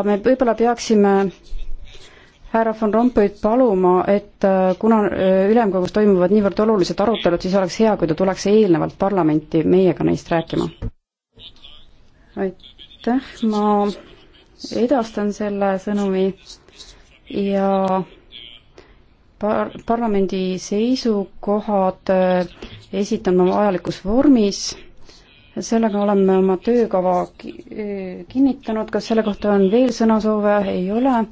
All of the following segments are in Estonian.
me võib-olla peaksime härra von Rompuyt paluma, et äh, kuna äh, ülemkogus toimuvad niivõrd olulised arutelud, siis oleks hea, kui ta tuleks eelnevalt parlamenti meiega neist rääkima. aitäh, ma edastan selle sõnumi ja par-, parlamendi seisukohad äh, esitan ma vajalikus vormis sellega oleme oma töökava kinnitanud, kas selle kohta on veel sõnasoove, ei ole.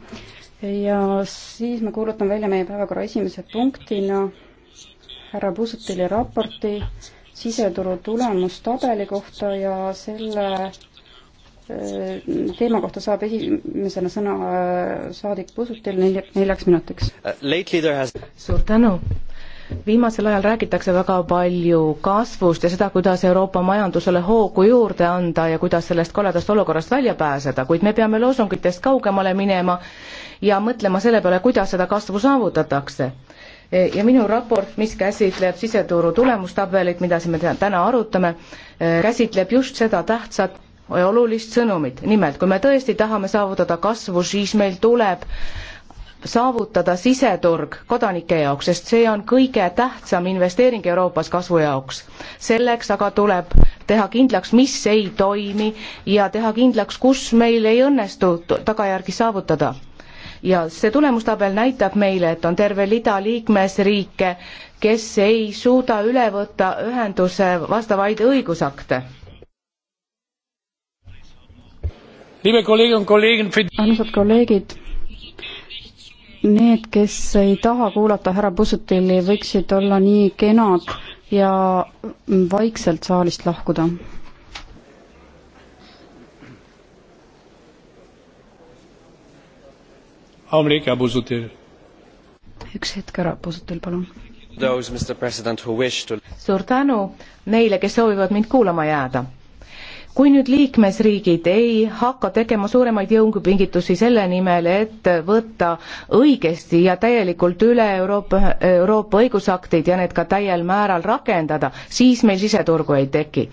ja siis ma kuulutan välja meie päevakorra esimese punktina härra Pusutili raporti siseturu tulemustabeli kohta ja selle äh, teema kohta saab esimesena sõna äh, saadik Pusutil neljaks minutiks. Uh, has... suur tänu viimasel ajal räägitakse väga palju kasvust ja seda, kuidas Euroopa majandusele hoogu juurde anda ja kuidas sellest koledast olukorrast välja pääseda, kuid me peame loosungitest kaugemale minema ja mõtlema selle peale, kuidas seda kasvu saavutatakse. E, ja minu raport, mis käsitleb siseturu tulemustabelit, mida siin me täna arutame, e, käsitleb just seda tähtsat olulist sõnumit, nimelt kui me tõesti tahame saavutada kasvu, siis meil tuleb äh, saavutada siseturg kodanike jaoks, sest see on kõige tähtsam investeering Euroopas kasvu jaoks. selleks aga tuleb teha kindlaks, mis ei toimi ja teha kindlaks, kus meil ei õnnestu tagajärgi saavutada. ja see tulemustabel näitab meile, et on terve rida liikmesriike, kes ei suuda üle võtta ühenduse vastavaid õigusakte armsad kolleegid, need, kes ei taha kuulata härra Pusutili, võiksid olla nii kenad ja vaikselt saalist lahkuda. üks hetk, härra Pusutil, palun. suur tänu neile, kes soovivad mind kuulama jääda kui nüüd liikmesriigid ei hakka tegema suuremaid jõupingutusi selle nimel, et võtta õigesti ja täielikult üle Euroopa, Euroopa õigusaktid ja need ka täiel määral rakendada, siis meil siseturgu ei teki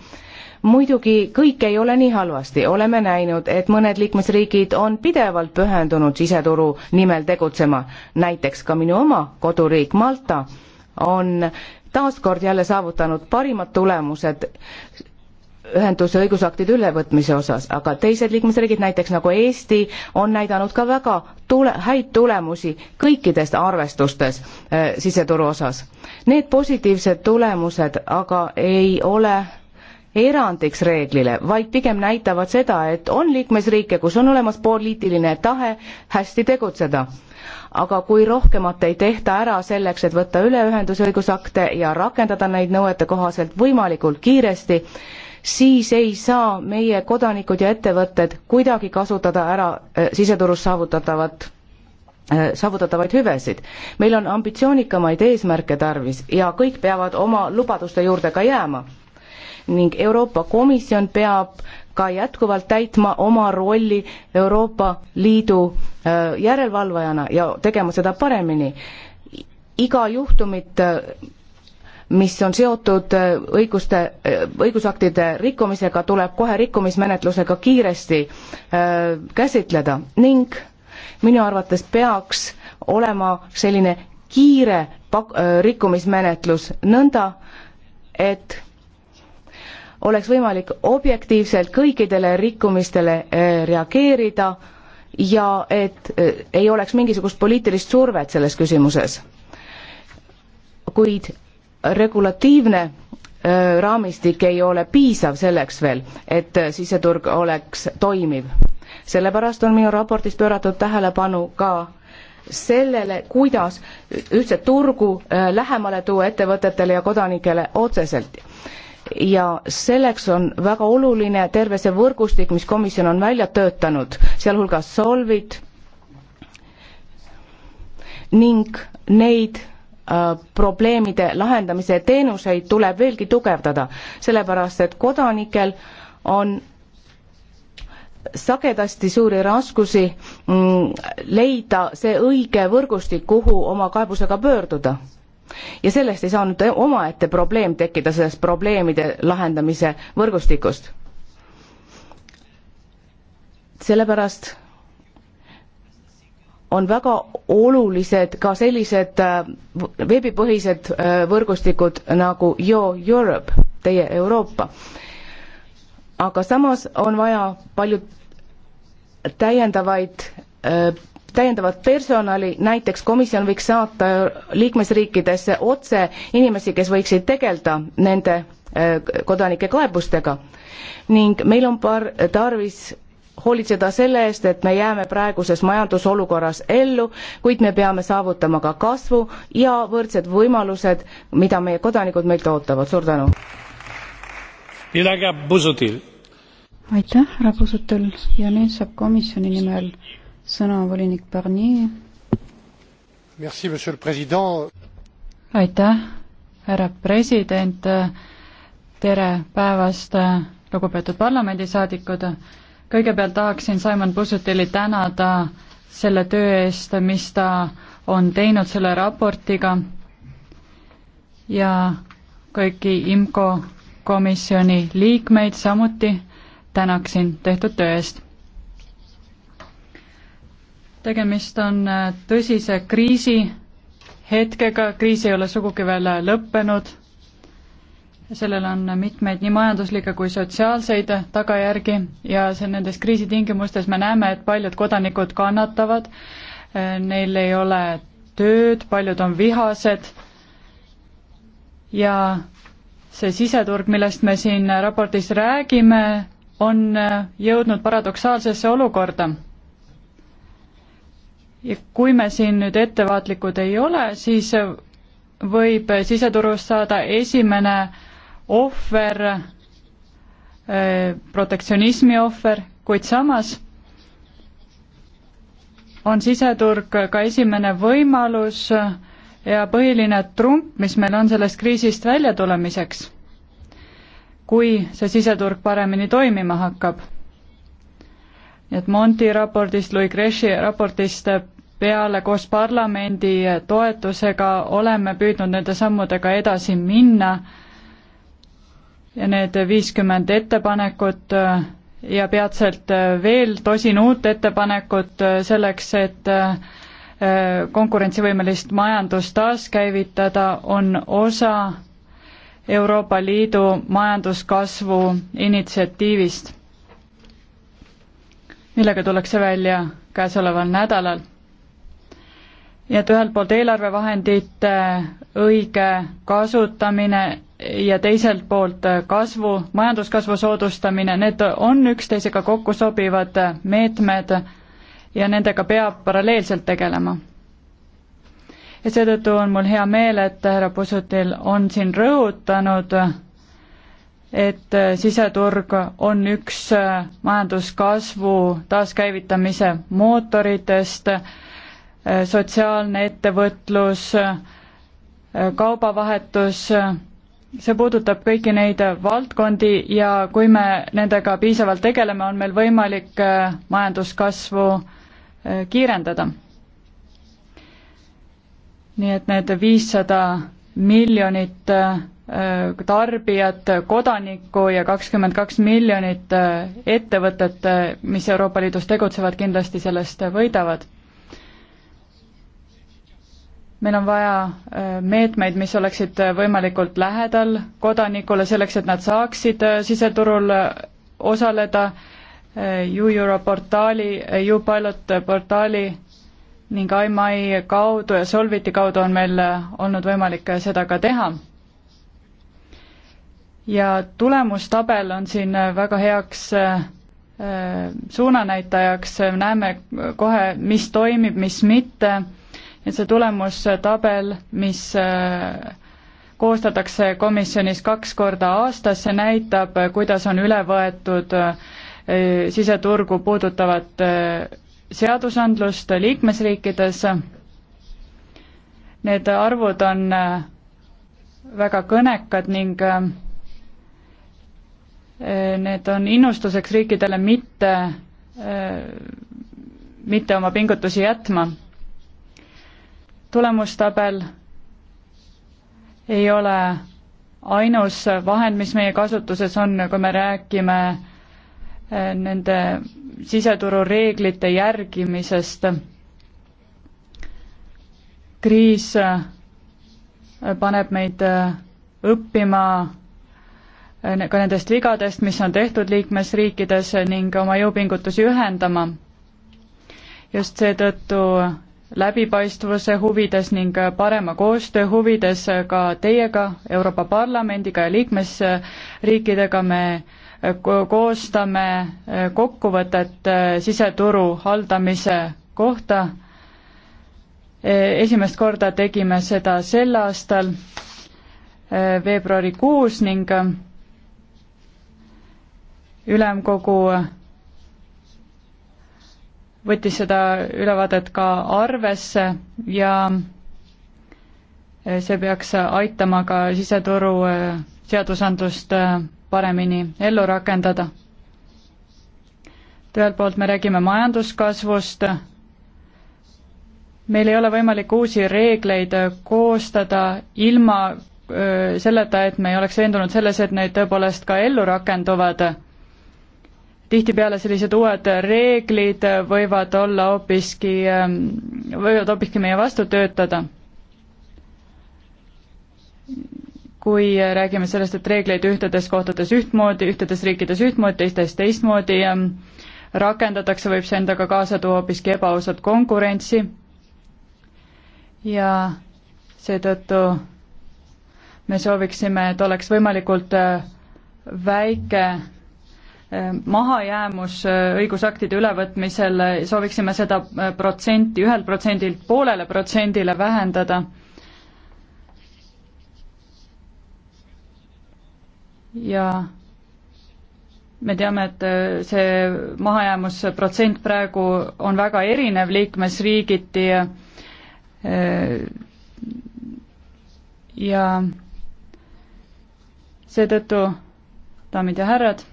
muidugi kõik ei ole nii halvasti, oleme näinud, et mõned liikmesriigid on pidevalt pühendunud siseturu nimel tegutsema, näiteks ka minu oma koduriik Malta on taaskord jälle saavutanud parimad tulemused ühenduse õigusaktide ülevõtmise osas, aga teised liikmesriigid, näiteks nagu Eesti, on näidanud ka väga tule-, häid tulemusi kõikides arvestustes äh, siseturu osas. Need positiivsed tulemused aga ei ole erandiks reeglile, vaid pigem näitavad seda, et on liikmesriike, kus on olemas poliitiline tahe hästi tegutseda. aga kui rohkemat ei tehta ära selleks, et võtta üle ühendusõigusakte ja rakendada neid nõuete kohaselt võimalikult kiiresti, siis ei saa meie kodanikud ja ettevõtted kuidagi kasutada ära äh, siseturus saavutatavat äh, saavutatavaid hüvesid. meil on ambitsioonikamaid eesmärke tarvis ja kõik peavad oma lubaduste juurde ka jääma. ning Euroopa Komisjon peab ka jätkuvalt täitma oma rolli Euroopa Liidu äh, järelevalvajana ja tegema seda paremini. iga juhtumit mis on seotud äh, õiguste, äh, õigusaktide rikkumisega, tuleb kohe rikkumismenetlusega kiiresti äh, käsitleda ning minu arvates peaks olema selline kiire pak-, rikkumismenetlus nõnda, et oleks võimalik objektiivselt kõikidele rikkumistele reageerida ja et ei oleks mingisugust poliitilist survet selles küsimuses. kuid regulatiivne raamistik ei ole piisav selleks veel, et siseturg oleks toimiv. sellepärast on minu raportis pööratud tähelepanu ka sellele, kuidas ühtset turgu lähemale tuua ettevõtetele ja kodanikele otseselt. ja selleks on väga oluline terve see võrgustik, mis komisjon on välja töötanud, sealhulgas solvid ning neid Äh, probleemide lahendamise teenuseid tuleb veelgi tugevdada, sellepärast et kodanikel on sagedasti suuri raskusi mm, leida see õige võrgustik, kuhu oma kaebusega pöörduda. ja sellest ei saa nüüd omaette probleem tekkida, sellest probleemide lahendamise võrgustikust. sellepärast on väga olulised ka sellised äh, veebipõhised äh, võrgustikud nagu Your Europe, Teie Euroopa. aga samas on vaja palju täiendavaid, äh, täiendavat personali, näiteks komisjon võiks saata liikmesriikidesse otse inimesi, kes võiksid tegeleda nende kodanike kaebustega. ning meil on paar tarvis hoolitseda selle eest, et me jääme praeguses majandusolukorras ellu, kuid me peame saavutama ka kasvu ja võrdsed võimalused, mida meie kodanikud meilt ootavad. suur tänu! aitäh, härra Pusutel ja nüüd saab komisjoni nimel sõna volinik Barnier. aitäh, härra president, tere päevast, lugupeetud parlamendisaadikud kõigepealt tahaksin Simon Pussutili tänada selle töö eest, mis ta on teinud selle raportiga ja kõiki IMCO komisjoni liikmeid samuti tänaksin tehtud töö eest. tegemist on äh, tõsise kriisi hetkega, kriis ei ole sugugi veel äh, lõppenud sellel on mitmeid nii majanduslikke kui sotsiaalseid tagajärgi ja see nendes kriisitingimustes me näeme, et paljud kodanikud kannatavad, neil ei ole tööd, paljud on vihased ja see siseturg, millest me siin raportis räägime, on jõudnud paradoksaalsesse olukorda. ja kui me siin nüüd ettevaatlikud ei ole, siis võib siseturust saada esimene ohver, eh, protektsionismi ohver, kuid samas on siseturg ka esimene võimalus ja põhiline trump, mis meil on sellest kriisist välja tulemiseks, kui see siseturg paremini toimima hakkab. nii et Monti raportist, Louis Gresh'i raportist peale koos parlamendi toetusega oleme püüdnud nende sammudega edasi minna ja need viiskümmend ettepanekut äh, ja peatselt äh, veel tosin uut ettepanekut äh, selleks, et konkurentsivõimelist majandust taaskäivitada, on osa Euroopa Liidu majanduskasvu initsiatiivist, millega tullakse välja käesoleval nädalal. nii et ühelt poolt eelarvevahendite õige kasutamine ja teiselt poolt äh, kasvu, majanduskasvu soodustamine, need on üksteisega kokku sobivad äh, meetmed ja nendega peab paralleelselt tegelema. ja seetõttu on mul hea meel, et härra Pusutil on siin rõhutanud, et äh, siseturg on üks majanduskasvu taaskäivitamise mootoritest, sotsiaalne ettevõtlus, kaubavahetus see puudutab kõiki neid valdkondi ja kui me nendega piisavalt tegeleme, on meil võimalik äh, majanduskasvu äh, kiirendada. nii et need viissada miljonit äh, tarbijat, kodanikku ja kakskümmend kaks miljonit ettevõtet, mis Euroopa Liidus tegutsevad, kindlasti sellest võidavad meil on vaja äh, meetmeid, mis oleksid äh, võimalikult lähedal kodanikule, selleks et nad saaksid äh, siseturul osaleda YouEuro portaali, YouPilot portaali ning IMI kaudu ja Solviti kaudu on meil olnud võimalik seda ka teha. ja tulemustabel on siin väga heaks suunanäitajaks, näeme kohe, mis toimib, mis mitte et see tulemustabel, mis äh, koostatakse komisjonis kaks korda aastas, see näitab, äh, kuidas on üle võetud äh, siseturgu puudutavat seadusandlust liikmesriikides. Need arvud on väga kõnekad ning need on innustuseks riikidele mitte, mitte oma pingutusi jätma tulemustabel ei ole ainus vahend, mis meie kasutuses on, kui me räägime eh, nende siseturu reeglite järgimisest. kriis eh, paneb meid eh, õppima ka nendest vigadest, mis on tehtud liikmesriikides ning oma jõupingutusi ühendama. just seetõttu läbipaistvuse huvides ning parema koostöö huvides ka teiega, Euroopa Parlamendiga ja liikmesriikidega me koostame kokkuvõtet siseturu haldamise kohta. E, esimest korda tegime seda sel aastal e, veebruarikuus ning ülemkogu võttis seda ülevaadet ka arvesse ja eh, see peaks aitama ka siseturu eh, seadusandlust eh, paremini ellu rakendada. et ühelt poolt me räägime majanduskasvust, meil ei ole võimalik uusi reegleid koostada ilma selleta, et me ei oleks veendunud selles, et need tõepoolest ka ellu rakenduvad tihtipeale sellised uued reeglid võivad olla hoopiski, ähm, võivad hoopiski meie vastu töötada. kui räägime sellest, et reegleid ühtedes kohtades ühtmoodi, ühtedes riikides ühtmoodi, teistes teistmoodi ähm, rakendatakse, võib see endaga kaasa tuua hoopiski ebaausat konkurentsi ja seetõttu me sooviksime, et oleks võimalikult äh, väike mahajäämus äh, õigusaktide ülevõtmisel, äh, sooviksime seda äh, protsenti ühelt protsendilt poolele protsendile vähendada. ja me teame, et see mahajäämusprotsent praegu on väga erinev liikmesriigiti ja seetõttu, daamid ja härrad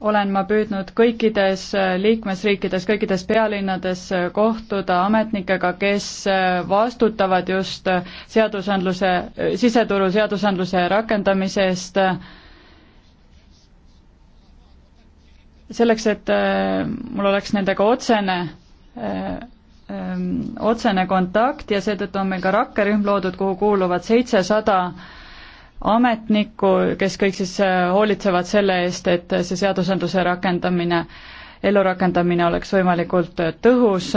olen ma püüdnud kõikides liikmesriikides, kõikides pealinnades kohtuda ametnikega, kes vastutavad just seadusandluse, siseturu seadusandluse rakendamise eest, selleks, et äh, mul oleks nendega otsene, äh, ähm, otsene kontakt ja seetõttu on meil ka rakkerühm loodud, kuhu kuuluvad seitsesada ametnikku, kes kõik siis äh, hoolitsevad selle eest, et see seadusandluse rakendamine, ellurakendamine oleks võimalikult äh, tõhus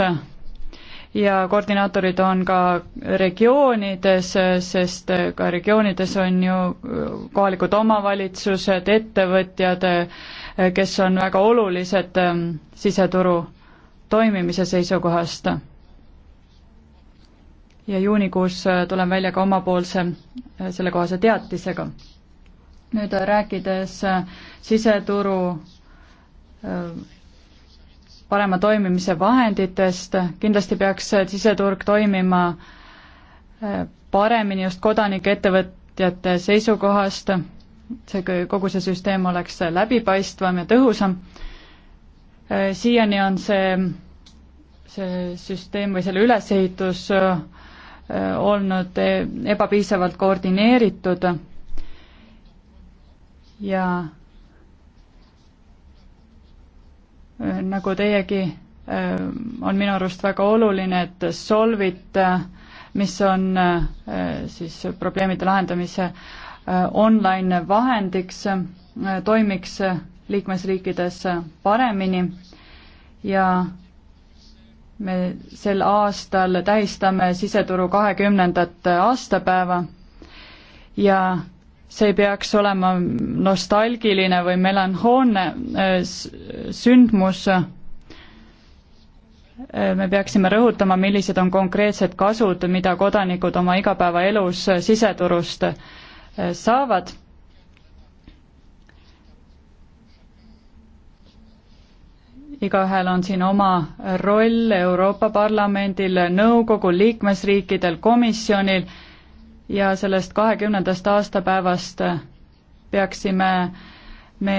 ja koordinaatorid on ka regioonides, äh, sest ka regioonides on ju kohalikud omavalitsused, ettevõtjad, kes on väga olulised ähm, siseturu toimimise seisukohast ja juunikuus äh, tulen välja ka omapoolse äh, sellekohase teatisega. nüüd äh, rääkides siseturu parema toimimise vahenditest, kindlasti peaks siseturg toimima paremini just kodanike, ettevõtjate seisukohast, see, kogu see süsteem oleks läbipaistvam ja tõhusam. siiani on see, see süsteem või selle ülesehitus Äh, olnud e-, ebapiisavalt koordineeritud ja äh, nagu teiegi, äh, on minu arust väga oluline, et Solvit, mis on siis probleemide lahendamise online vahendiks, toimiks liikmesriikides paremini ja me sel aastal tähistame siseturu kahekümnendat aastapäeva ja see ei peaks olema nostalgiline või melanhoolne äh, sündmus. Äh, me peaksime rõhutama, millised on konkreetsed kasud, mida kodanikud oma igapäevaelus siseturust äh, saavad igaühel on siin oma roll Euroopa Parlamendil, nõukogul, liikmesriikidel, komisjonil ja sellest kahekümnendast aastapäevast peaksime me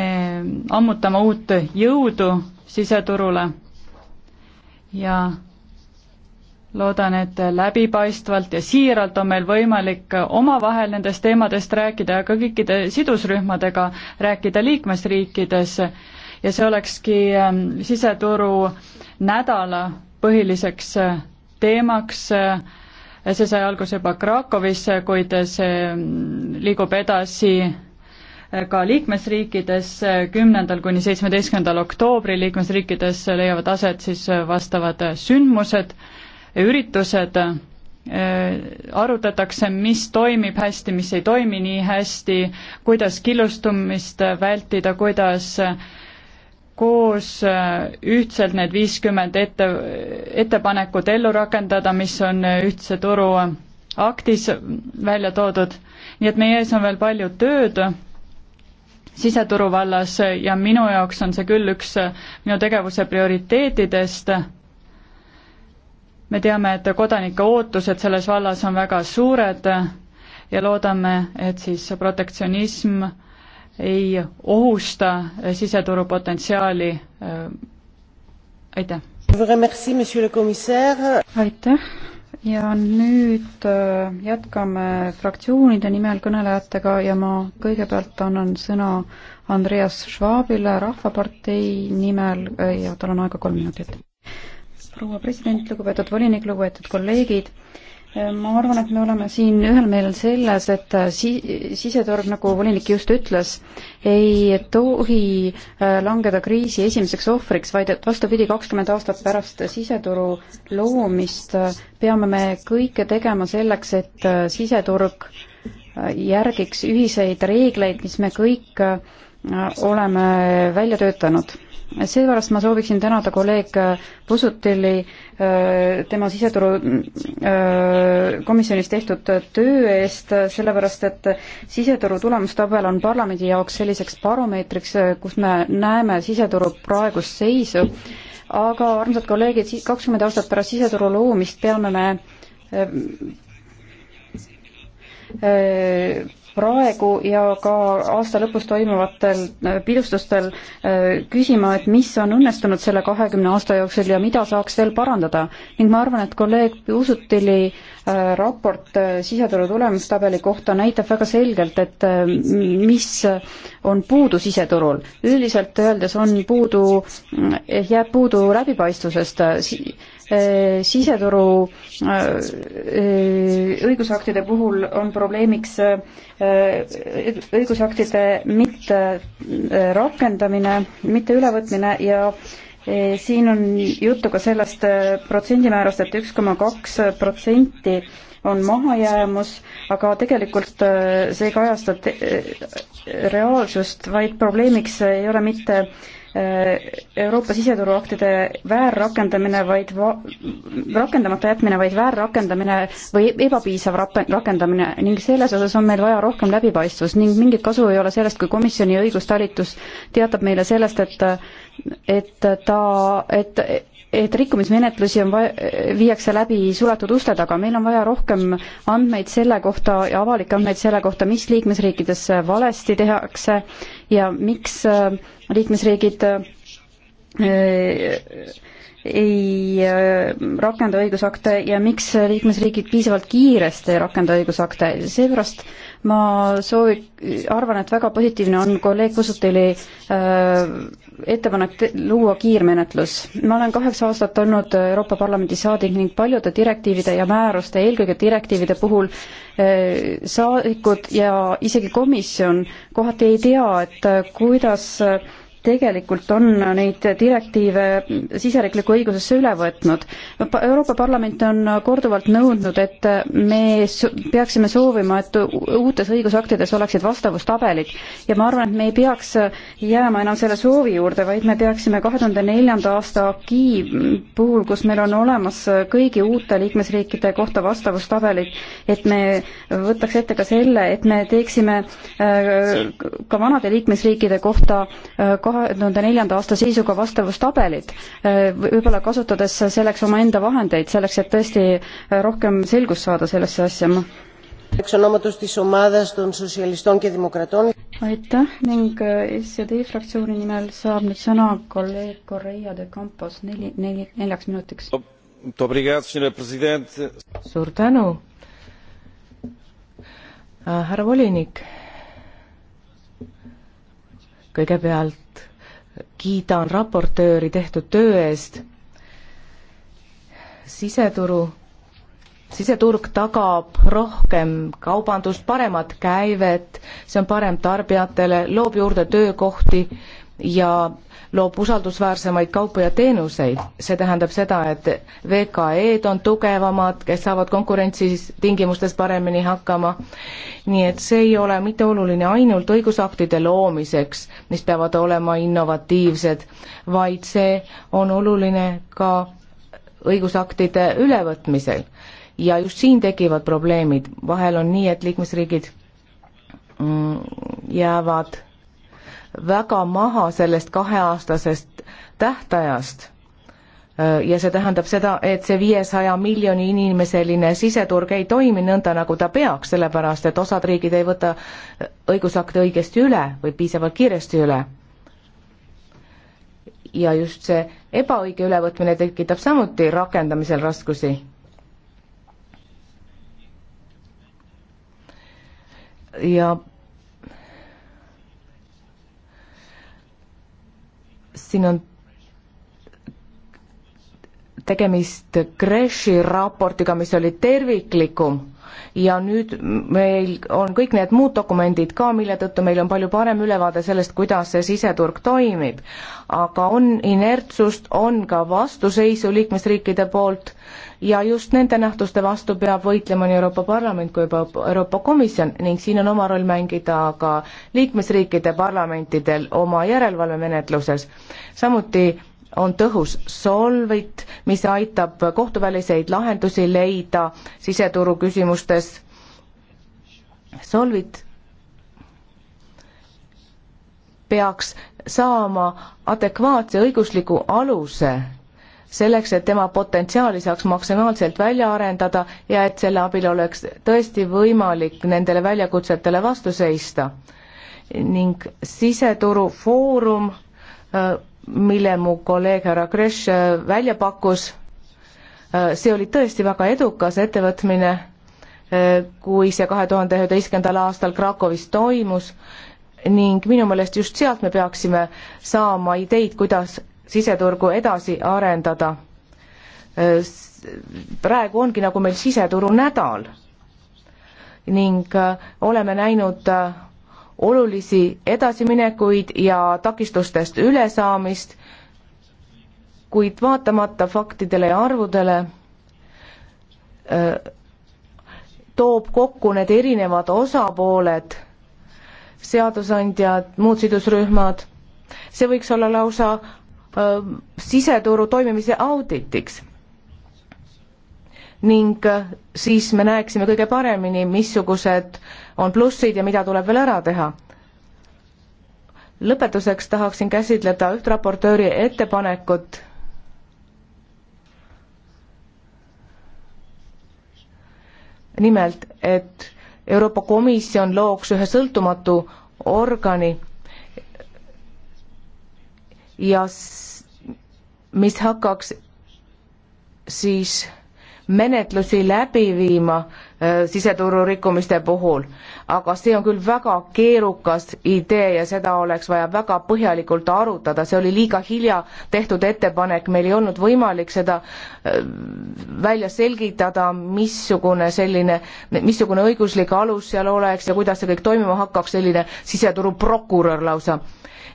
ammutama uut jõudu siseturule ja loodan, et läbipaistvalt ja siiralt on meil võimalik omavahel nendest teemadest rääkida ja ka kõikide sidusrühmadega rääkida liikmesriikides ja see olekski ähm, siseturu nädala põhiliseks äh, teemaks. Äh, see sai alguse juba Krakowis, kuid see mm, liigub edasi äh, ka liikmesriikides kümnendal kuni seitsmeteistkümnendal oktoobril liikmesriikides leiavad aset siis vastavad sündmused, üritused, arutatakse, mis toimib hästi, mis ei toimi nii hästi, kuidas killustumist vältida, kuidas äh, koos äh, ühtselt need viiskümmend ette, ettepanekut ellu rakendada, mis on äh, ühtse turu aktis välja toodud. nii et meie ees on veel palju tööd siseturu vallas ja minu jaoks on see küll üks äh, minu tegevuse prioriteetidest. me teame, et kodanike ootused selles vallas on väga suured ja loodame, et siis protektsionism ei ohusta siseturu potentsiaali. Äh, aitäh! aitäh ja nüüd äh, jätkame fraktsioonide nimel kõnelejatega ja ma kõigepealt annan sõna Andreas Schwabile Rahvapartei nimel äh, ja tal on aega kolm minutit. proua president, lugupeetud volinik, lugupeetud kolleegid, ma arvan, et me oleme siin ühel meelel selles, et si-, siseturg, nagu volinik just ütles, ei tohi äh, langeda kriisi esimeseks ohvriks, vaid et vastupidi, kakskümmend aastat pärast siseturu loomist äh, peame me kõike tegema selleks, et äh, siseturg järgiks ühiseid reegleid, mis me kõik oleme välja töötanud seepärast ma sooviksin tänada kolleeg Pusutilli äh, tema siseturu äh, komisjonis tehtud töö eest, sellepärast et siseturu tulemustabel on parlamendi jaoks selliseks baromeetriks, kus me näeme siseturu praegust seisu, aga armsad kolleegid, kakskümmend aastat pärast siseturu loomist peame me äh, praegu ja ka aasta lõpus toimuvatel äh, pidustustel äh, küsima, et mis on õnnestunud selle kahekümne aasta jooksul ja mida saaks veel parandada. ning ma arvan, et kolleeg Uusutili äh, raport siseturu tulemustabeli kohta näitab väga selgelt, et mis on puudu siseturul. üldiselt öeldes on puudu, jääb puudu läbipaistvusest Äh, siseturu äh, äh, õigusaktide puhul on probleemiks õigusaktide mitte rakendamine, mitte ülevõtmine ja siin on juttu ka sellest protsendimäärast, et üks koma kaks protsenti on mahajäämus, aga tegelikult see ei kajasta reaalsust, vaid probleemiks ei ole mitte äh, Äh, Euroopa siseturuaktide väärrakendamine, vaid va-, rakendamata jätmine, vaid väärrakendamine või ebapiisav rap-, rakendamine ning selles osas on meil vaja rohkem läbipaistvust ning mingit kasu ei ole sellest, kui komisjoni õigustalitus teatab meile sellest, et et ta, et et rikkumismenetlusi on vaja, viiakse läbi suletud uste taga, meil on vaja rohkem andmeid selle kohta ja avalikke andmeid selle kohta, mis liikmesriikides valesti tehakse ja miks äh, liikmesriigid äh, ei äh, rakenda õigusakte ja miks liikmesriigid piisavalt kiiresti ei rakenda õigusakte, seepärast ma soovi-, arvan, et väga positiivne on kolleeg Kusutili äh, ettepanek luua kiirmenetlus. ma olen kaheksa aastat olnud Euroopa Parlamendi saadik ning paljude direktiivide ja määruste, eelkõige direktiivide puhul äh, saadikud ja isegi komisjon kohati ei tea, et äh, kuidas äh, tegelikult on neid direktiive siseriikliku õigusesse üle võtnud. Euroopa Parlament on korduvalt nõudnud, et me peaksime soovima, et uutes õigusaktides oleksid vastavustabelid ja ma arvan, et me ei peaks jääma enam selle soovi juurde, vaid me peaksime kahe tuhande neljanda aasta AKI puhul, kus meil on olemas kõigi uute liikmesriikide kohta vastavustabelid, et me võtaks ette ka selle, et me teeksime äh, ka vanade liikmesriikide kohta äh, kahe kahe tuhande neljanda aasta seisuga vastavustabelid, eh, võib-olla kasutades selleks omaenda vahendeid, selleks et tõesti eh, rohkem selgust saada sellesse asja. aitäh ning eh, SD fraktsiooni nimel saab nüüd sõna kolleeg Correia de Campos neli, neli, neljaks minutiks. suur tänu ah, härra volinik, kõigepealt kiidan raportööri tehtud töö eest. siseturu, siseturg tagab rohkem kaubandust, paremat käivet, see on parem tarbijatele, loob juurde töökohti ja loob usaldusväärsemaid kaupu ja teenuseid. see tähendab seda, et VKE-d on tugevamad, kes saavad konkurentsis tingimustes paremini hakkama. nii et see ei ole mitte oluline ainult õigusaktide loomiseks, mis peavad olema innovatiivsed, vaid see on oluline ka õigusaktide ülevõtmisel. ja just siin tekivad probleemid, vahel on nii, et liikmesriigid mm, jäävad väga maha sellest kaheaastasest tähtajast ja see tähendab seda, et see viiesaja miljoni inimeseline siseturg ei toimi nõnda, nagu ta peaks, sellepärast et osad riigid ei võta õigusakte õigesti üle või piisavalt kiiresti üle. ja just see ebaõige ülevõtmine tekitab samuti rakendamisel raskusi. ja siin on tegemist Kreši raportiga, mis oli terviklikum ja nüüd meil on kõik need muud dokumendid ka, mille tõttu meil on palju parem ülevaade sellest, kuidas see siseturg toimib. aga on inertsust, on ka vastuseisu liikmesriikide poolt ja just nende nähtuste vastu peab võitlema nii Euroopa Parlament kui juba Euroopa Komisjon ning siin on oma roll mängida ka liikmesriikide parlamentidel oma järelevalvemenetluses. samuti on tõhus solvit, mis aitab kohtuväliseid lahendusi leida siseturu küsimustes. solvit peaks saama adekvaatse õigusliku aluse selleks, et tema potentsiaali saaks maksimaalselt välja arendada ja et selle abil oleks tõesti võimalik nendele väljakutsetele vastu seista. ning siseturu foorum äh, mille mu kolleeg härra Kresh äh, välja pakkus, äh, see oli tõesti väga edukas ettevõtmine, äh, kui see kahe tuhande üheteistkümnendal aastal Krakowis toimus ning minu meelest just sealt me peaksime saama ideid, kuidas siseturgu edasi arendada. praegu ongi nagu meil siseturu nädal ning oleme näinud olulisi edasiminekuid ja takistustest ülesaamist, kuid vaatamata faktidele ja arvudele toob kokku need erinevad osapooled, seadusandjad, muud sidusrühmad, see võiks olla lausa siseturu toimimise auditiks ning äh, siis me näeksime kõige paremini, missugused on plussid ja mida tuleb veel ära teha. lõpetuseks tahaksin käsitleda üht raportööri ettepanekut, nimelt, et Euroopa Komisjon looks ühe sõltumatu organi ja mis hakkaks siis menetlusi läbi viima äh, siseturu rikkumiste puhul. aga see on küll väga keerukas idee ja seda oleks vaja väga põhjalikult arutada, see oli liiga hilja tehtud ettepanek, meil ei olnud võimalik seda äh, välja selgitada, missugune selline, missugune õiguslik alus seal oleks ja kuidas see kõik toimima hakkaks, selline siseturu prokurör lausa.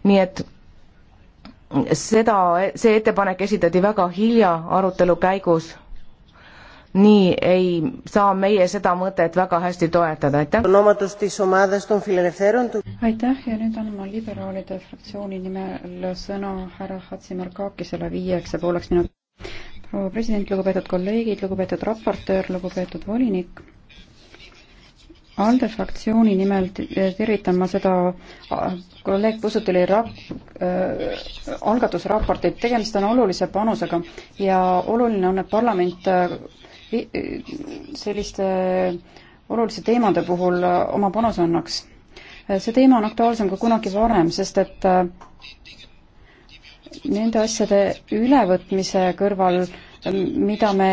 nii et seda, see ettepanek esitati väga hilja arutelu käigus nii ei saa meie seda mõtet väga hästi toetada, aitäh. aitäh ja nüüd annan ma liberaalide fraktsiooni nimel sõna härra Hatsimarkakisele viieks ja pooleks minutiks. proua president, lugupeetud kolleegid, lugupeetud raportöör, lugupeetud volinik. ALDE fraktsiooni nimel tervitan ma seda kolleeg Pusutili rap- äh,, algatusraportit, tegemist on olulise panusega ja oluline on, et parlament äh, selliste äh, oluliste teemade puhul äh, oma panuse annaks. Äh, see teema on aktuaalsem kui kunagi varem, sest et nende asjade ülevõtmise kõrval mida me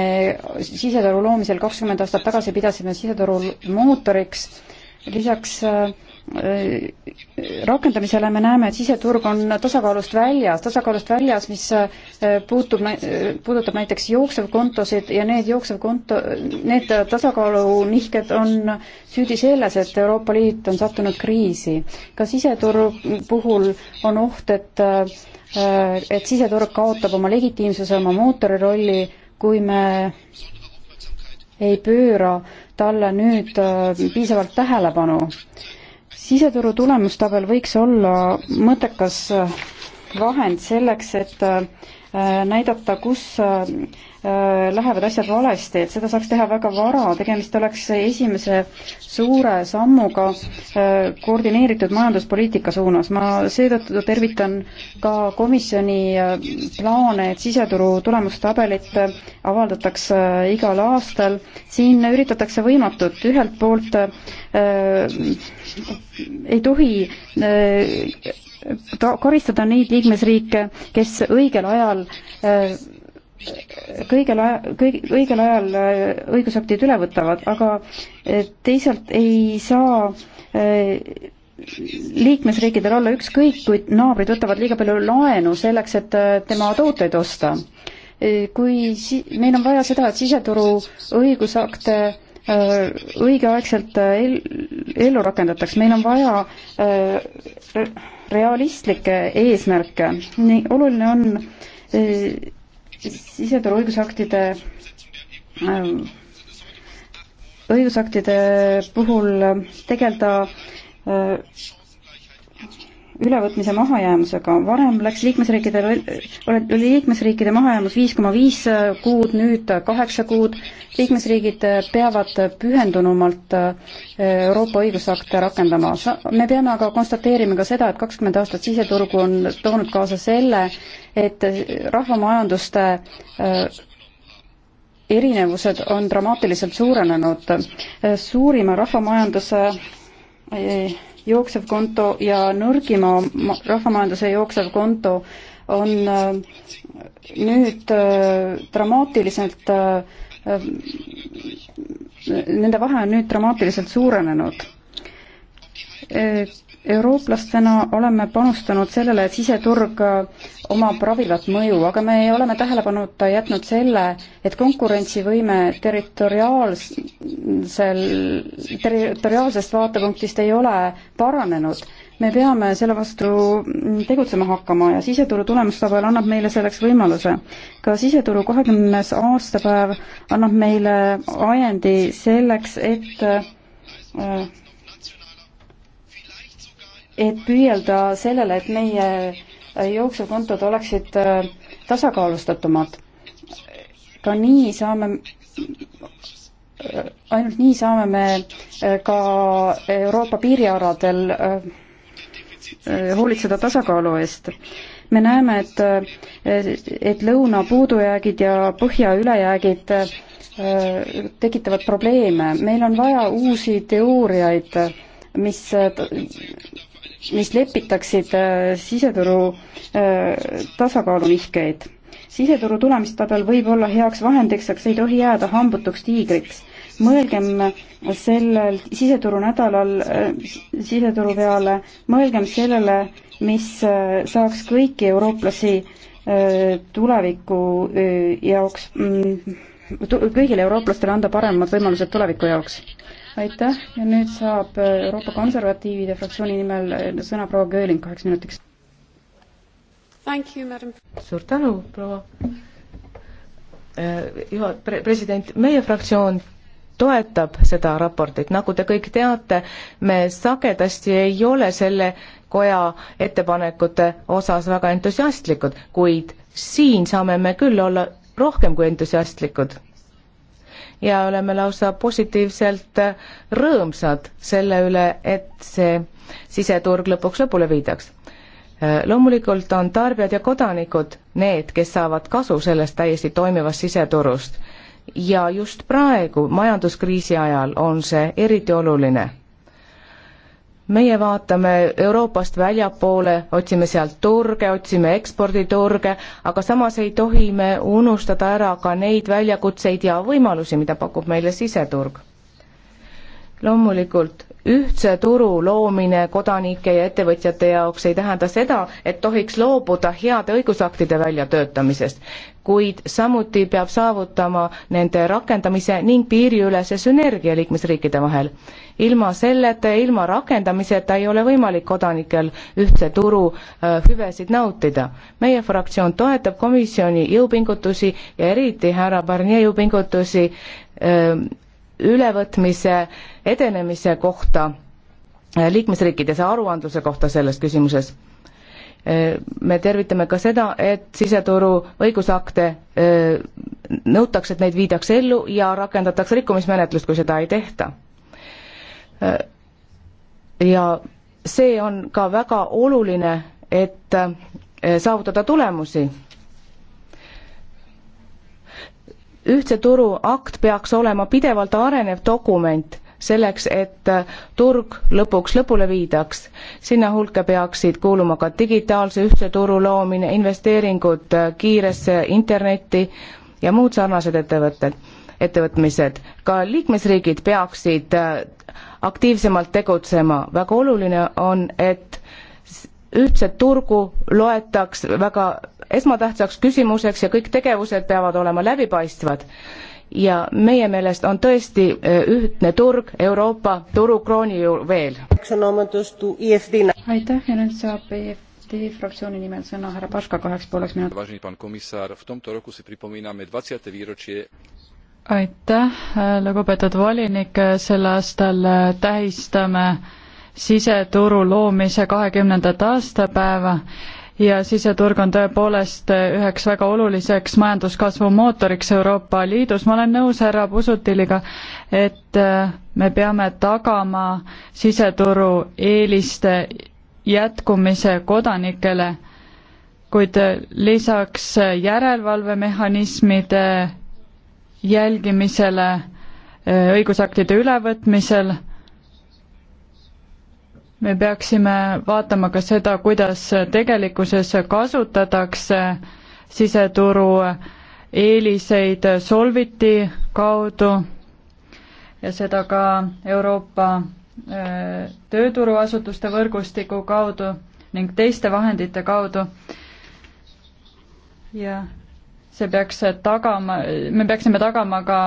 siseturu loomisel kakskümmend aastat tagasi pidasime siseturu mootoriks, lisaks äh, rakendamisele me näeme, et siseturg on tasakaalust väljas, tasakaalust väljas, mis äh, puutub, puudutab näiteks jooksevkontosid ja need jooksevkonto, need tasakaalunihked on süüdi selles, et Euroopa Liit on sattunud kriisi. ka siseturu puhul on oht, et äh, et siseturg kaotab oma legitiimsuse, oma mootori rolli, kui me ei pööra talle nüüd äh, piisavalt tähelepanu siseturu tulemustabel võiks olla mõttekas vahend selleks, et äh, näidata, kus äh, Äh, lähevad asjad valesti, et seda saaks teha väga vara, tegemist oleks esimese suure sammuga äh, koordineeritud majanduspoliitika suunas. ma seetõttu tervitan ka komisjoni äh, plaane, et siseturu tulemustabelit avaldatakse igal aastal. siin üritatakse võimatut, ühelt poolt äh, ei tohi äh, karistada neid liikmesriike, kes õigel ajal äh, kõigel ajal, kõig-, õigel ajal äh, õigusaktid üle võtavad, aga äh, teisalt ei saa äh, liikmesriikidel olla ükskõik, kui naabrid võtavad liiga palju laenu selleks, et tema tooteid osta. kui si-, meil on vaja seda, et siseturu õigusakte õigeaegselt ellu rakendataks, meil on vaja realistlikke eesmärke, nii oluline on siseturu õigusaktide ähm, õigusaktide puhul tegeleda äh, ülevõtmise mahajäämusega. varem läks liikmesriikidel, oli liikmesriikide mahajäämus viis koma viis kuud, nüüd kaheksa kuud. liikmesriigid peavad pühendunumalt eh, Euroopa õigusakte rakendama. me peame aga konstateerima ka seda, et kakskümmend aastat siseturgu on toonud kaasa selle, et rahvamajanduste eh, erinevused on dramaatiliselt suurenenud. Eh, suurima rahvamajanduse jooksev konto ja nõrgima rahvamajanduse jooksev konto on äh, nüüd äh, dramaatiliselt, äh, nende vahe on nüüd dramaatiliselt suurenenud eurooplastena oleme panustanud sellele, et siseturg äh, omab ravivat mõju, aga me oleme tähelepanuta jätnud selle, et konkurentsivõime territoriaalsel, territoriaalsest vaatepunktist ei ole paranenud. me peame selle vastu mm, tegutsema hakkama ja siseturu tulemustabel annab meile selleks võimaluse. ka siseturu kahekümnes aastapäev annab meile ajendi selleks, et äh, et püüelda sellele, et meie jooksevkontod oleksid äh, tasakaalustatumad. ka nii saame, äh, ainult nii saame me äh, ka Euroopa piirialadel hoolitseda tasakaalu eest me näeme, et, et lõuna puudujäägid ja põhja ülejäägid tekitavad probleeme, meil on vaja uusi teooriaid, mis mis lepitaksid äh, siseturu äh, tasakaalu nihkeid. siseturu tulemistabel võib olla heaks vahendiks, aga see ei tohi jääda hambutuks tiigriks. mõelgem sellel siseturu nädalal äh, siseturu peale, mõelgem sellele, mis saaks kõiki eurooplasi tuleviku jaoks, mm, kõigile eurooplastele anda paremad võimalused tuleviku jaoks aitäh ja nüüd saab äh, Euroopa Konservatiivide fraktsiooni nimel äh, sõna proua Gööling kaheks minutiks. suur tänu, proua äh, juhat-, pre-, president, meie fraktsioon toetab seda raportit, nagu te kõik teate, me sagedasti ei ole selle koja ettepanekute osas väga entusiastlikud, kuid siin saame me küll olla rohkem kui entusiastlikud ja oleme lausa positiivselt rõõmsad selle üle, et see siseturg lõpuks lõpule viidaks. loomulikult on tarbijad ja kodanikud need, kes saavad kasu sellest täiesti toimivast siseturust ja just praegu, majanduskriisi ajal, on see eriti oluline meie vaatame Euroopast väljapoole, otsime sealt turge, otsime eksporditurge, aga samas ei tohi me unustada ära ka neid väljakutseid ja võimalusi, mida pakub meile siseturg. loomulikult, ühtse turu loomine kodanike ja ettevõtjate jaoks ei tähenda seda, et tohiks loobuda heade õigusaktide väljatöötamisest kuid samuti peab saavutama nende rakendamise ning piiriülese sünergia liikmesriikide vahel. ilma selleta ja ilma rakendamiseta ei ole võimalik kodanikel ühtse turu äh, hüvesid nautida. meie fraktsioon toetab komisjoni jõupingutusi ja eriti härra Barnier jõupingutusi äh, ülevõtmise edenemise kohta äh, liikmesriikides ja aruandluse kohta selles küsimuses me tervitame ka seda, et siseturu õigusakte e, nõutakse, et neid viidakse ellu ja rakendatakse rikkumismenetlust, kui seda ei tehta. E, ja see on ka väga oluline, et e, saavutada tulemusi. ühtse turu akt peaks olema pidevalt arenev dokument selleks, et turg lõpuks lõpule viidaks. sinna hulka peaksid kuuluma ka digitaalse ühtse turu loomine, investeeringud kiiresse internetti ja muud sarnased ettevõtted, ettevõtmised. ka liikmesriigid peaksid aktiivsemalt tegutsema, väga oluline on, et ühtset turgu loetaks väga esmatähtsaks küsimuseks ja kõik tegevused peavad olema läbipaistvad ja meie meelest on tõesti eh, ühtne turg Euroopa turu kroonijõul veel. aitäh ja nüüd saab EFD fraktsiooni nimel sõna härra Paška kaheks pooleks minutiks. aitäh, lugupeetud volinik, sel aastal eh, tähistame siseturu loomise kahekümnendat aastapäeva ja siseturg on tõepoolest üheks väga oluliseks majanduskasvu mootoriks Euroopa Liidus. ma olen nõus härra Pusutiliga, et äh, me peame tagama siseturu eeliste jätkumise kodanikele, kuid äh, lisaks äh, järelevalvemehhanismide jälgimisele õigusaktide ülevõtmisel me peaksime vaatama ka seda, kuidas tegelikkuses kasutatakse siseturu eeliseid Solviti kaudu ja seda ka Euroopa äh, tööturuasutuste võrgustiku kaudu ning teiste vahendite kaudu. ja see peaks tagama, me peaksime tagama ka,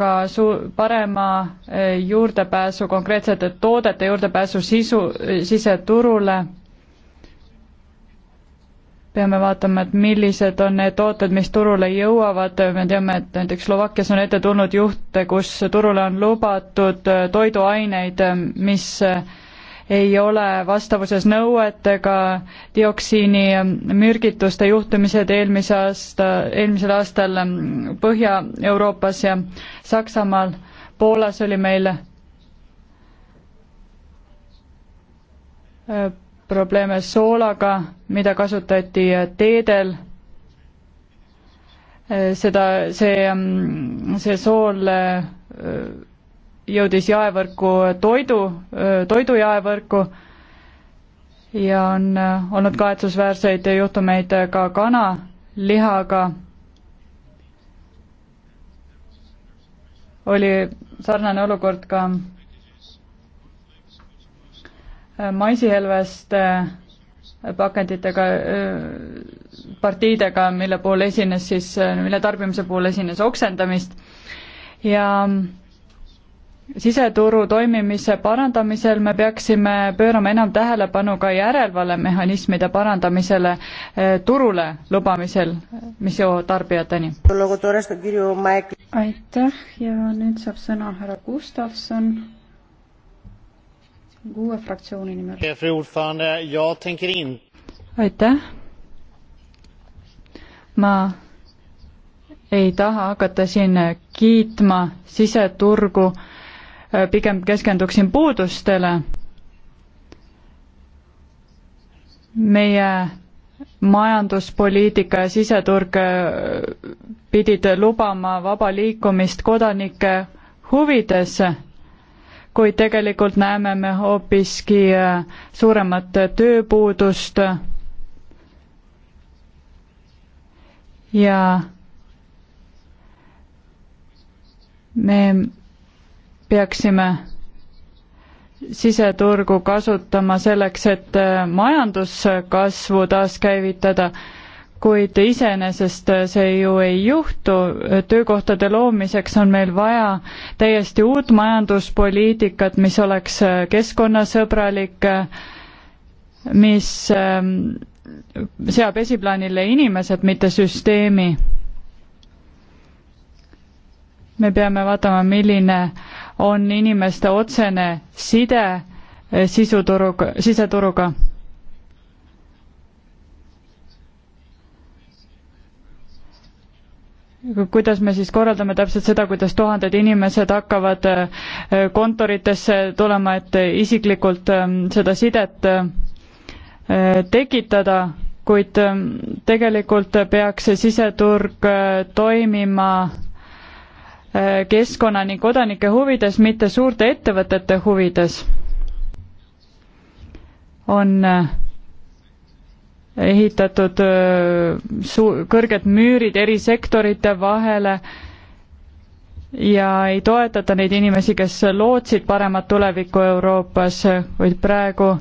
ka su-, parema eh, juurdepääsu konkreetsete toodete juurdepääsu sisu, eh, siseturule. peame vaatama, et millised on need tooted, mis turule jõuavad, me teame, et näiteks Slovakkias on ette tulnud juhte, kus turule on lubatud eh, toiduaineid, mis äh, ei ole vastavuses nõuetega, dioksiini mürgituste juhtumised eelmise aasta, eelmisel aastal Põhja-Euroopas ja Saksamaal, Poolas oli meil äh, probleeme soolaga, mida kasutati äh, teedel äh, seda, see, mm, see sool jõudis jaevõrku toidu, toidujaevõrku ja on äh, olnud kahetsusväärseid juhtumeid ka kanalihaga. oli sarnane olukord ka äh, maisihelveste äh, pakenditega, partiidega, mille puhul esines siis, mille tarbimise puhul esines oksendamist ja siseturu toimimise parandamisel me peaksime pöörama enam tähelepanu ka järelevalvemehhanismide parandamisele eh, turule lubamisel, mis jõuab tarbijateni. aitäh ja nüüd saab sõna härra Gustavson uue fraktsiooni nimel. aitäh. ma ei taha hakata siin kiitma siseturgu Äh, pigem keskenduksin puudustele. meie majanduspoliitika ja siseturg äh, pidid lubama vaba liikumist kodanike huvides, kuid tegelikult näeme me hoopiski äh, suuremat tööpuudust ja me peaksime siseturgu kasutama selleks, et äh, majanduskasvu taaskäivitada, kuid iseenesest äh, see ju ei juhtu, töökohtade loomiseks on meil vaja täiesti uut majanduspoliitikat, mis oleks äh, keskkonnasõbralik, mis ähm, seab esiplaanile inimesed, mitte süsteemi me peame vaatama, milline on inimeste otsene side eh, sisuturuga, siseturuga. kuidas me siis korraldame täpselt seda, kuidas tuhanded inimesed hakkavad eh, kontoritesse tulema, et isiklikult eh, seda sidet tekitada, kuid tegelikult peaks see siseturg toimima keskkonna ning kodanike huvides, mitte suurte ettevõtete huvides. on äh, ehitatud äh, suu-, kõrged müürid eri sektorite vahele ja ei toetata neid inimesi, kes lootsid paremat tulevikku Euroopas, vaid praegu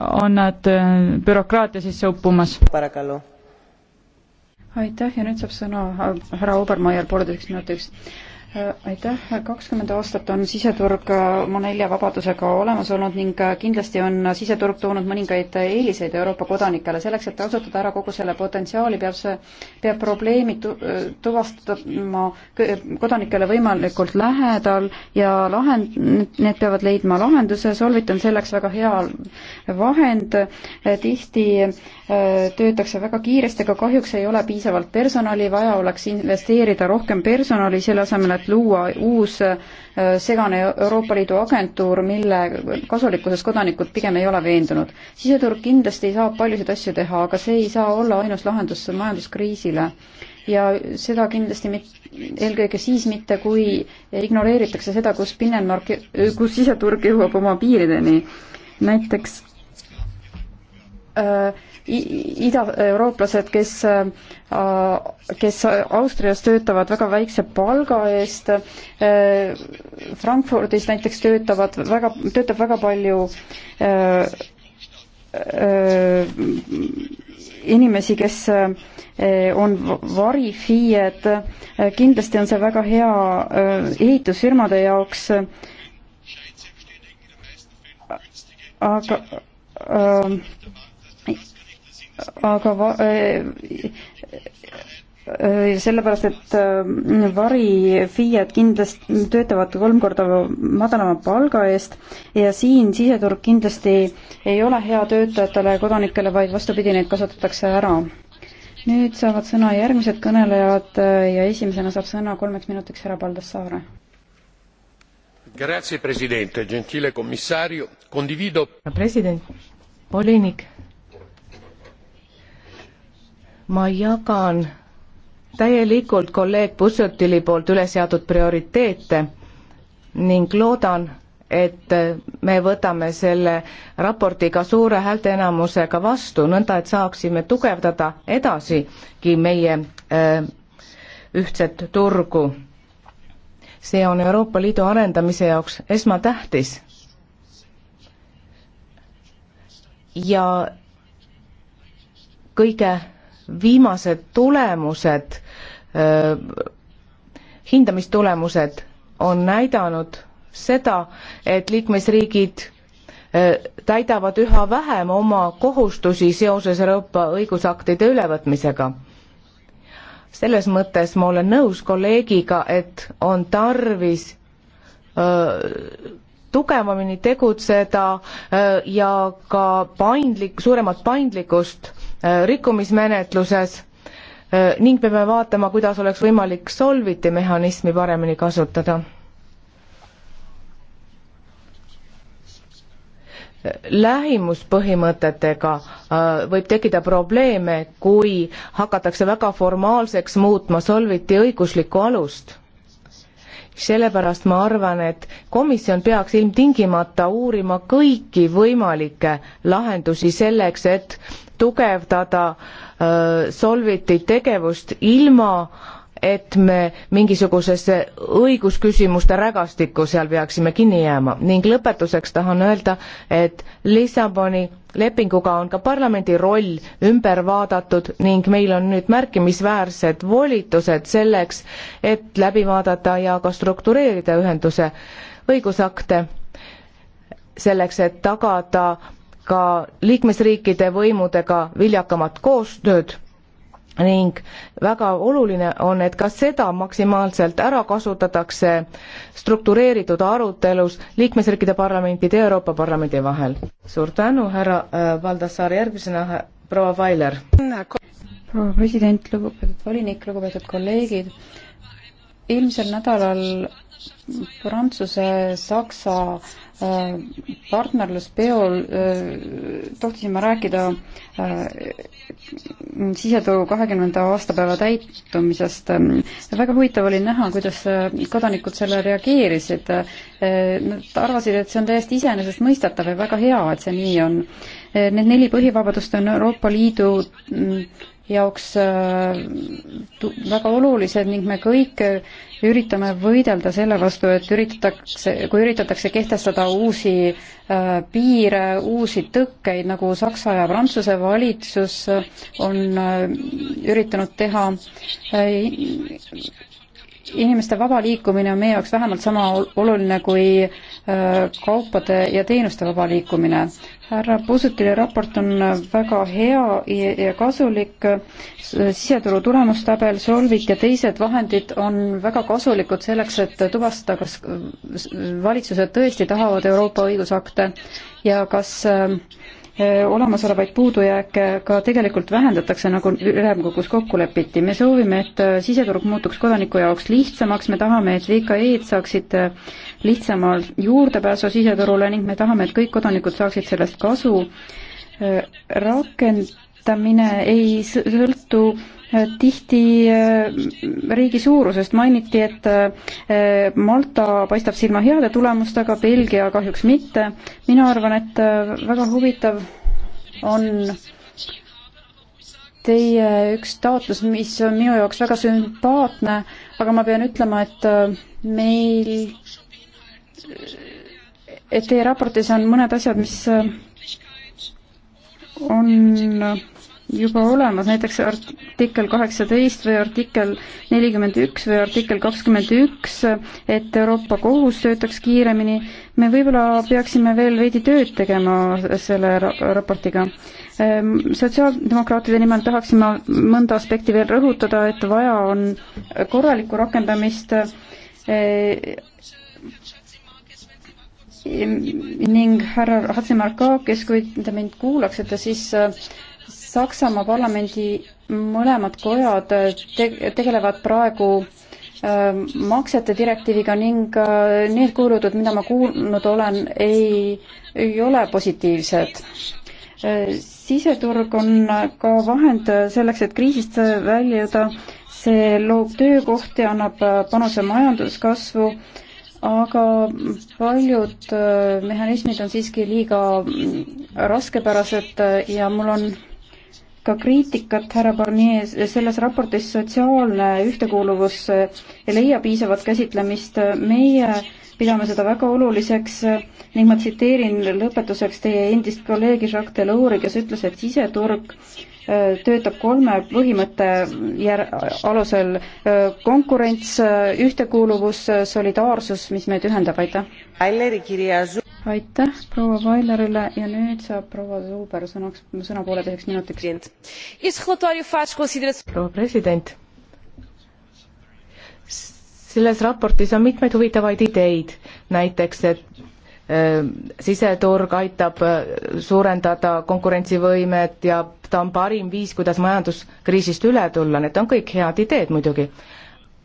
on nad äh, bürokraatia sisse uppumas aitäh ja nüüd saab sõna äh, härra Obermaier pooleteiseks minutiks aitäh, kakskümmend aastat on siseturg äh, oma nelja vabadusega olemas olnud ning äh, kindlasti on siseturg toonud mõningaid eeliseid Euroopa kodanikele. selleks, et kasutada ära kogu selle potentsiaali, peab see, peab probleemid tuvastama kodanikele võimalikult lähedal ja lahend, need peavad leidma lahenduse, Solvit on selleks väga hea vahend, tihti äh, töötakse väga kiiresti, aga kahjuks ei ole piisavalt personali, vaja oleks investeerida rohkem personali, selle asemel, et luua uus äh, segane Euroopa Liidu agentuur, mille kasulikkuses kodanikud pigem ei ole veendunud. siseturg kindlasti saab paljusid asju teha, aga see ei saa olla ainus lahendus majanduskriisile ja seda kindlasti mit-, eelkõige siis mitte, kui ignoreeritakse seda, kus pinnenmark, kus siseturg jõuab oma piirideni. näiteks äh, idaeurooplased, kes, äh, kes Austrias töötavad väga väikse palga eest, äh, Frankfurdis näiteks töötavad väga, töötab väga palju äh, inimesi, kes on varifiied, kindlasti on see väga hea ehitusfirmade jaoks, aga äh, aga va, äh, äh, sellepärast, et äh, varifiiad kindlasti töötavad kolm korda madalama palga eest ja siin siseturg kindlasti ei ole hea töötajatele ja kodanikele, vaid vastupidi, neid kasutatakse ära. nüüd saavad sõna järgmised kõnelejad ja esimesena saab sõna kolmeks minutiks härra Paldassaare. president, volinik ma jagan täielikult kolleeg Bussutili poolt üles seatud prioriteete ning loodan, et me võtame selle raporti ka suure häälteenamusega vastu, nõnda et saaksime tugevdada edasigi meie äh, ühtset turgu. see on Euroopa Liidu arendamise jaoks esmatähtis. ja kõige viimased tulemused, hindamistulemused on näidanud seda, et liikmesriigid täidavad üha vähem oma kohustusi seoses Euroopa õigusaktide ülevõtmisega. selles mõttes ma olen nõus kolleegiga, et on tarvis öö, tugevamini tegutseda öö, ja ka paindlik, suuremat paindlikkust Äh, rikkumismenetluses äh, ning peame vaatama, kuidas oleks võimalik solviti mehhanismi paremini kasutada. lähimuspõhimõtetega äh, võib tekkida probleeme, kui hakatakse väga formaalseks muutma solviti õiguslikku alust sellepärast ma arvan, et komisjon peaks ilmtingimata uurima kõiki võimalikke lahendusi selleks, et tugevdada äh, Solviti tegevust ilma äh, et me mingisugusesse õigusküsimuste rägastikku seal peaksime kinni jääma ning lõpetuseks tahan öelda, et Lissaboni lepinguga on ka parlamendi roll ümber vaadatud ning meil on nüüd märkimisväärsed volitused selleks, et läbi vaadata ja ka struktureerida ühenduse õigusakte selleks, et tagada ka liikmesriikide võimudega viljakamat koostööd ning väga oluline on, et ka seda maksimaalselt ära kasutatakse struktureeritud arutelus liikmesriikide parlamentide ja Euroopa Parlamendi vahel. suur tänu, härra äh, Valdassaar, järgmisena äh, proua Vailer. proua president, lugupeetud volinik, lugupeetud kolleegid, eelmisel nädalal Prantsuse, Saksa partnerluspeol äh, tohtisin ma rääkida äh, siseturu kahekümnenda aastapäeva täitumisest. väga huvitav oli näha, kuidas äh, kodanikud sellele reageerisid. Nad arvasid, et see on täiesti iseenesestmõistetav ja väga hea, et see nii on. Need neli põhivabadust on Euroopa Liidu mm, jaoks äh, väga olulised ning me kõik üritame võidelda selle vastu, et üritatakse, kui üritatakse kehtestada uusi äh, piire, uusi tõkkeid, nagu Saksa ja Prantsuse valitsus on äh, üritanud teha. inimeste vaba liikumine on meie jaoks vähemalt sama oluline kui kaupade ja teenuste vaba liikumine härra Pusutile raport on väga hea ja kasulik. siseturu tulemustabel, Solvit ja teised vahendid on väga kasulikud selleks, et tuvastada, kas valitsused tõesti tahavad Euroopa õigusakte ja kas e, olemasolevaid puudujääke ka tegelikult vähendatakse, nagu ülemkogus kokku lepiti. me soovime, et siseturg muutuks kodaniku jaoks lihtsamaks, me tahame, et VKE-d saaksid lihtsamal juurdepääsu siseturule ning me tahame, et kõik kodanikud saaksid sellest kasu. rakendamine ei sõltu äh, tihti äh, riigi suurusest mainiti, et äh, Malta paistab silma heade tulemustega, Belgia kahjuks mitte. mina arvan, et väga huvitav on teie üks taotlus, mis on minu jaoks väga sümpaatne, aga ma pean ütlema, et meil et teie raportis on mõned asjad, mis äh, on juba olemas, näiteks artikkel kaheksateist või artikkel nelikümmend üks või artikkel kakskümmend üks, et Euroopa Kohus töötaks kiiremini. me võib-olla peaksime veel veidi tööd tegema selle raportiga. Ähm, sotsiaaldemokraatide nimel tahaksin ma mõnda aspekti veel rõhutada, et vaja on korralikku rakendamist äh, ning härra Hatsimarkakis, kui te mind kuulaksite, siis äh, Saksamaa parlamendi mõlemad kojad äh, te tegelevad praegu äh, maksete direktiiviga ning need kuulutud, mida ma kuulnud olen, ei, ei ole positiivsed. siseturg on ka vahend selleks, et kriisist väljuda, see loob töökohti, annab panuse majanduskasvu aga paljud äh, mehhanismid on siiski liiga mm, raskepärased äh, ja mul on ka kriitikat härra Barnier, selles raportis sotsiaalne ühtekuuluvus äh, ei leia piisavat käsitlemist, meie pidame seda väga oluliseks ning ma tsiteerin lõpetuseks teie endist kolleegi Jacques Delors'i, kes ütles, et siseturg töötab kolme põhimõtte jär-, alusel konkurents, ühtekuuluvus, solidaarsus, mis meid ühendab, aitäh! aitäh proua Vailerile ja nüüd saab proua Zuber sõnaks, sõna pooleteiseks minutiks. proua president, selles raportis on mitmeid huvitavaid ideid, näiteks et Ehm, siseturg aitab eh, suurendada konkurentsivõimet ja ta on parim viis, kuidas majanduskriisist üle tulla, need on kõik head ideed muidugi.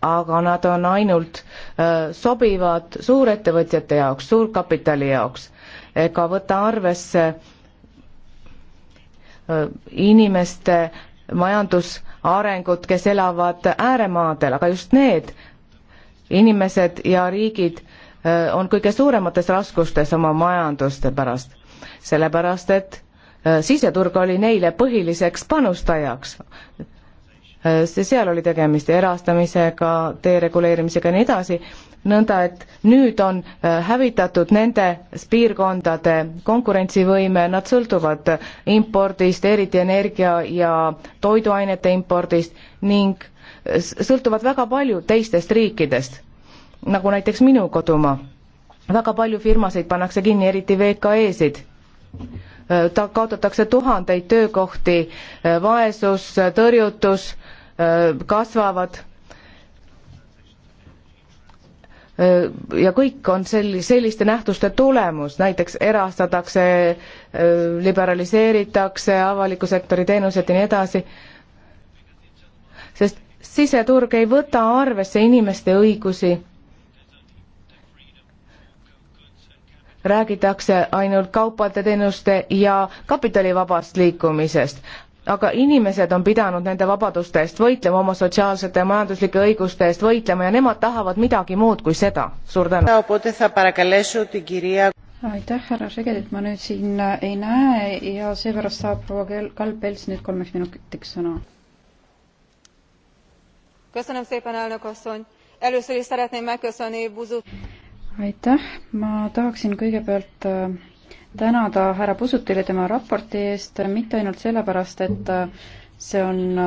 aga nad on ainult eh, sobivad suurettevõtjate jaoks, suurkapitali jaoks. ega võta arvesse eh, inimeste majandusarengut, kes elavad ääremaadel, aga just need inimesed ja riigid, Äh, on kõige suuremates raskustes oma majanduste pärast, sellepärast et äh, siseturg oli neile põhiliseks panustajaks. Äh, seal oli tegemist erastamisega, dereguleerimisega ja nii edasi, nõnda et nüüd on hävitatud nende piirkondade konkurentsivõime, nad sõltuvad impordist, eriti energia ja toiduainete impordist ning sõltuvad väga palju teistest riikidest nagu näiteks minu kodumaa. väga palju firmasid pannakse kinni, eriti VKE-sid. ta kaotatakse tuhandeid töökohti, vaesus, tõrjutus kasvavad. ja kõik on sel-, selliste nähtuste tulemus, näiteks erastatakse, liberaliseeritakse avaliku sektori teenused ja nii edasi, sest siseturg ei võta arvesse inimeste õigusi räägitakse ainult kaupade, teenuste ja kapitali vabast liikumisest, aga inimesed on pidanud nende vabaduste eest võitlema, oma sotsiaalsete ja majanduslike õiguste eest võitlema ja nemad tahavad midagi muud kui seda. suur tänu. aitäh, härra Šegelit ma nüüd siin ei näe ja seepärast saab proua Kalb Pels nüüd kolmeks minutiks sõna. köszönöm szépen, elnök asszony! először is szeretném megköszönni Buzu aitäh, ma tahaksin kõigepealt äh, tänada härra Pusutile tema raporti eest, äh, mitte ainult sellepärast, et äh, see on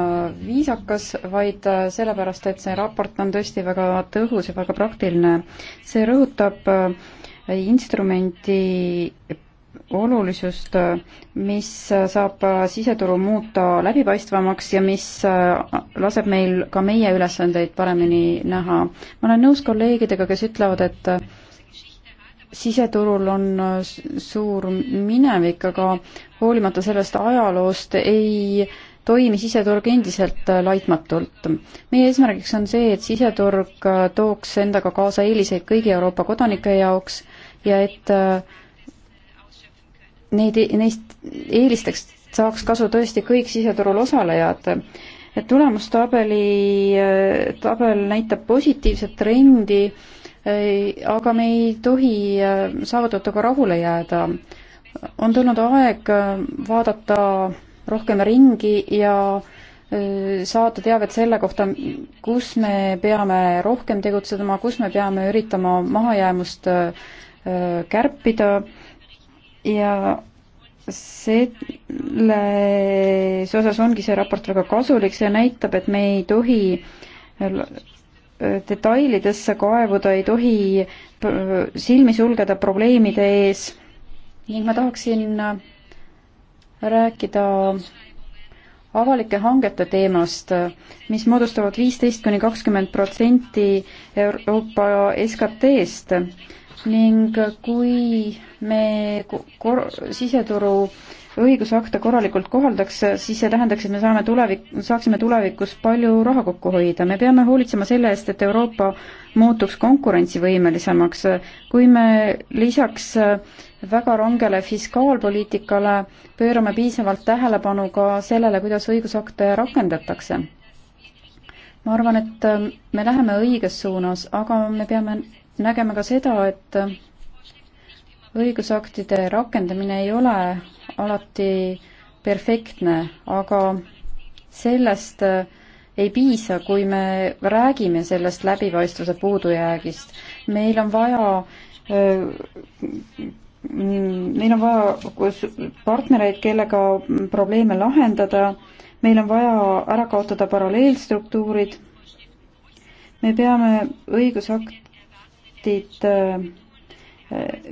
viisakas, vaid sellepärast, et see raport on tõesti väga tõhus ja väga praktiline. see rõhutab instrumenti olulisust, mis saab siseturu muuta läbipaistvamaks ja mis laseb meil ka meie ülesandeid paremini näha. ma olen nõus kolleegidega, kes ütlevad, et siseturul on suur minevik, aga hoolimata sellest ajaloost ei toimi siseturg endiselt laitmatult. meie eesmärgiks on see, et siseturg tooks endaga kaasa eeliseid kõigi Euroopa kodanike jaoks ja et äh, neid, e-, neist eelisteks saaks kasu tõesti kõik siseturul osalejad. et tulemustabeli, äh, tabel näitab positiivset trendi, äh, aga me ei tohi äh, saavutatuga rahule jääda. on tulnud aeg vaadata rohkem ringi ja saata teavet selle kohta, kus me peame rohkem tegutsema, kus me peame üritama mahajäämust kärpida ja selles osas ongi see raport väga kasulik, see näitab, et me ei tohi detailidesse kaevuda, ei tohi silmi sulgeda probleemide ees ning ma tahaksin rääkida avalike hangete teemast, mis moodustavad viisteist kuni kakskümmend protsenti Euroopa SKT-st ning kui me kor-, siseturu õigusakte korralikult kohaldaks, siis see tähendaks, et me saame tulevik, saaksime tulevikus palju raha kokku hoida. me peame hoolitsema selle eest, et Euroopa muutuks konkurentsivõimelisemaks. kui me lisaks väga rangele fiskaalpoliitikale pöörame piisavalt tähelepanu ka sellele, kuidas õigusakte rakendatakse ma arvan, et me läheme õiges suunas, aga me peame nägema ka seda, et õigusaktide rakendamine ei ole alati perfektne, aga sellest äh, ei piisa, kui me räägime sellest läbipaistvuse puudujäägist. meil on vaja äh, meil on vaja partnereid, kellega probleeme lahendada, meil on vaja ära kaotada paralleelstruktuurid, me peame õigusakt aktid äh,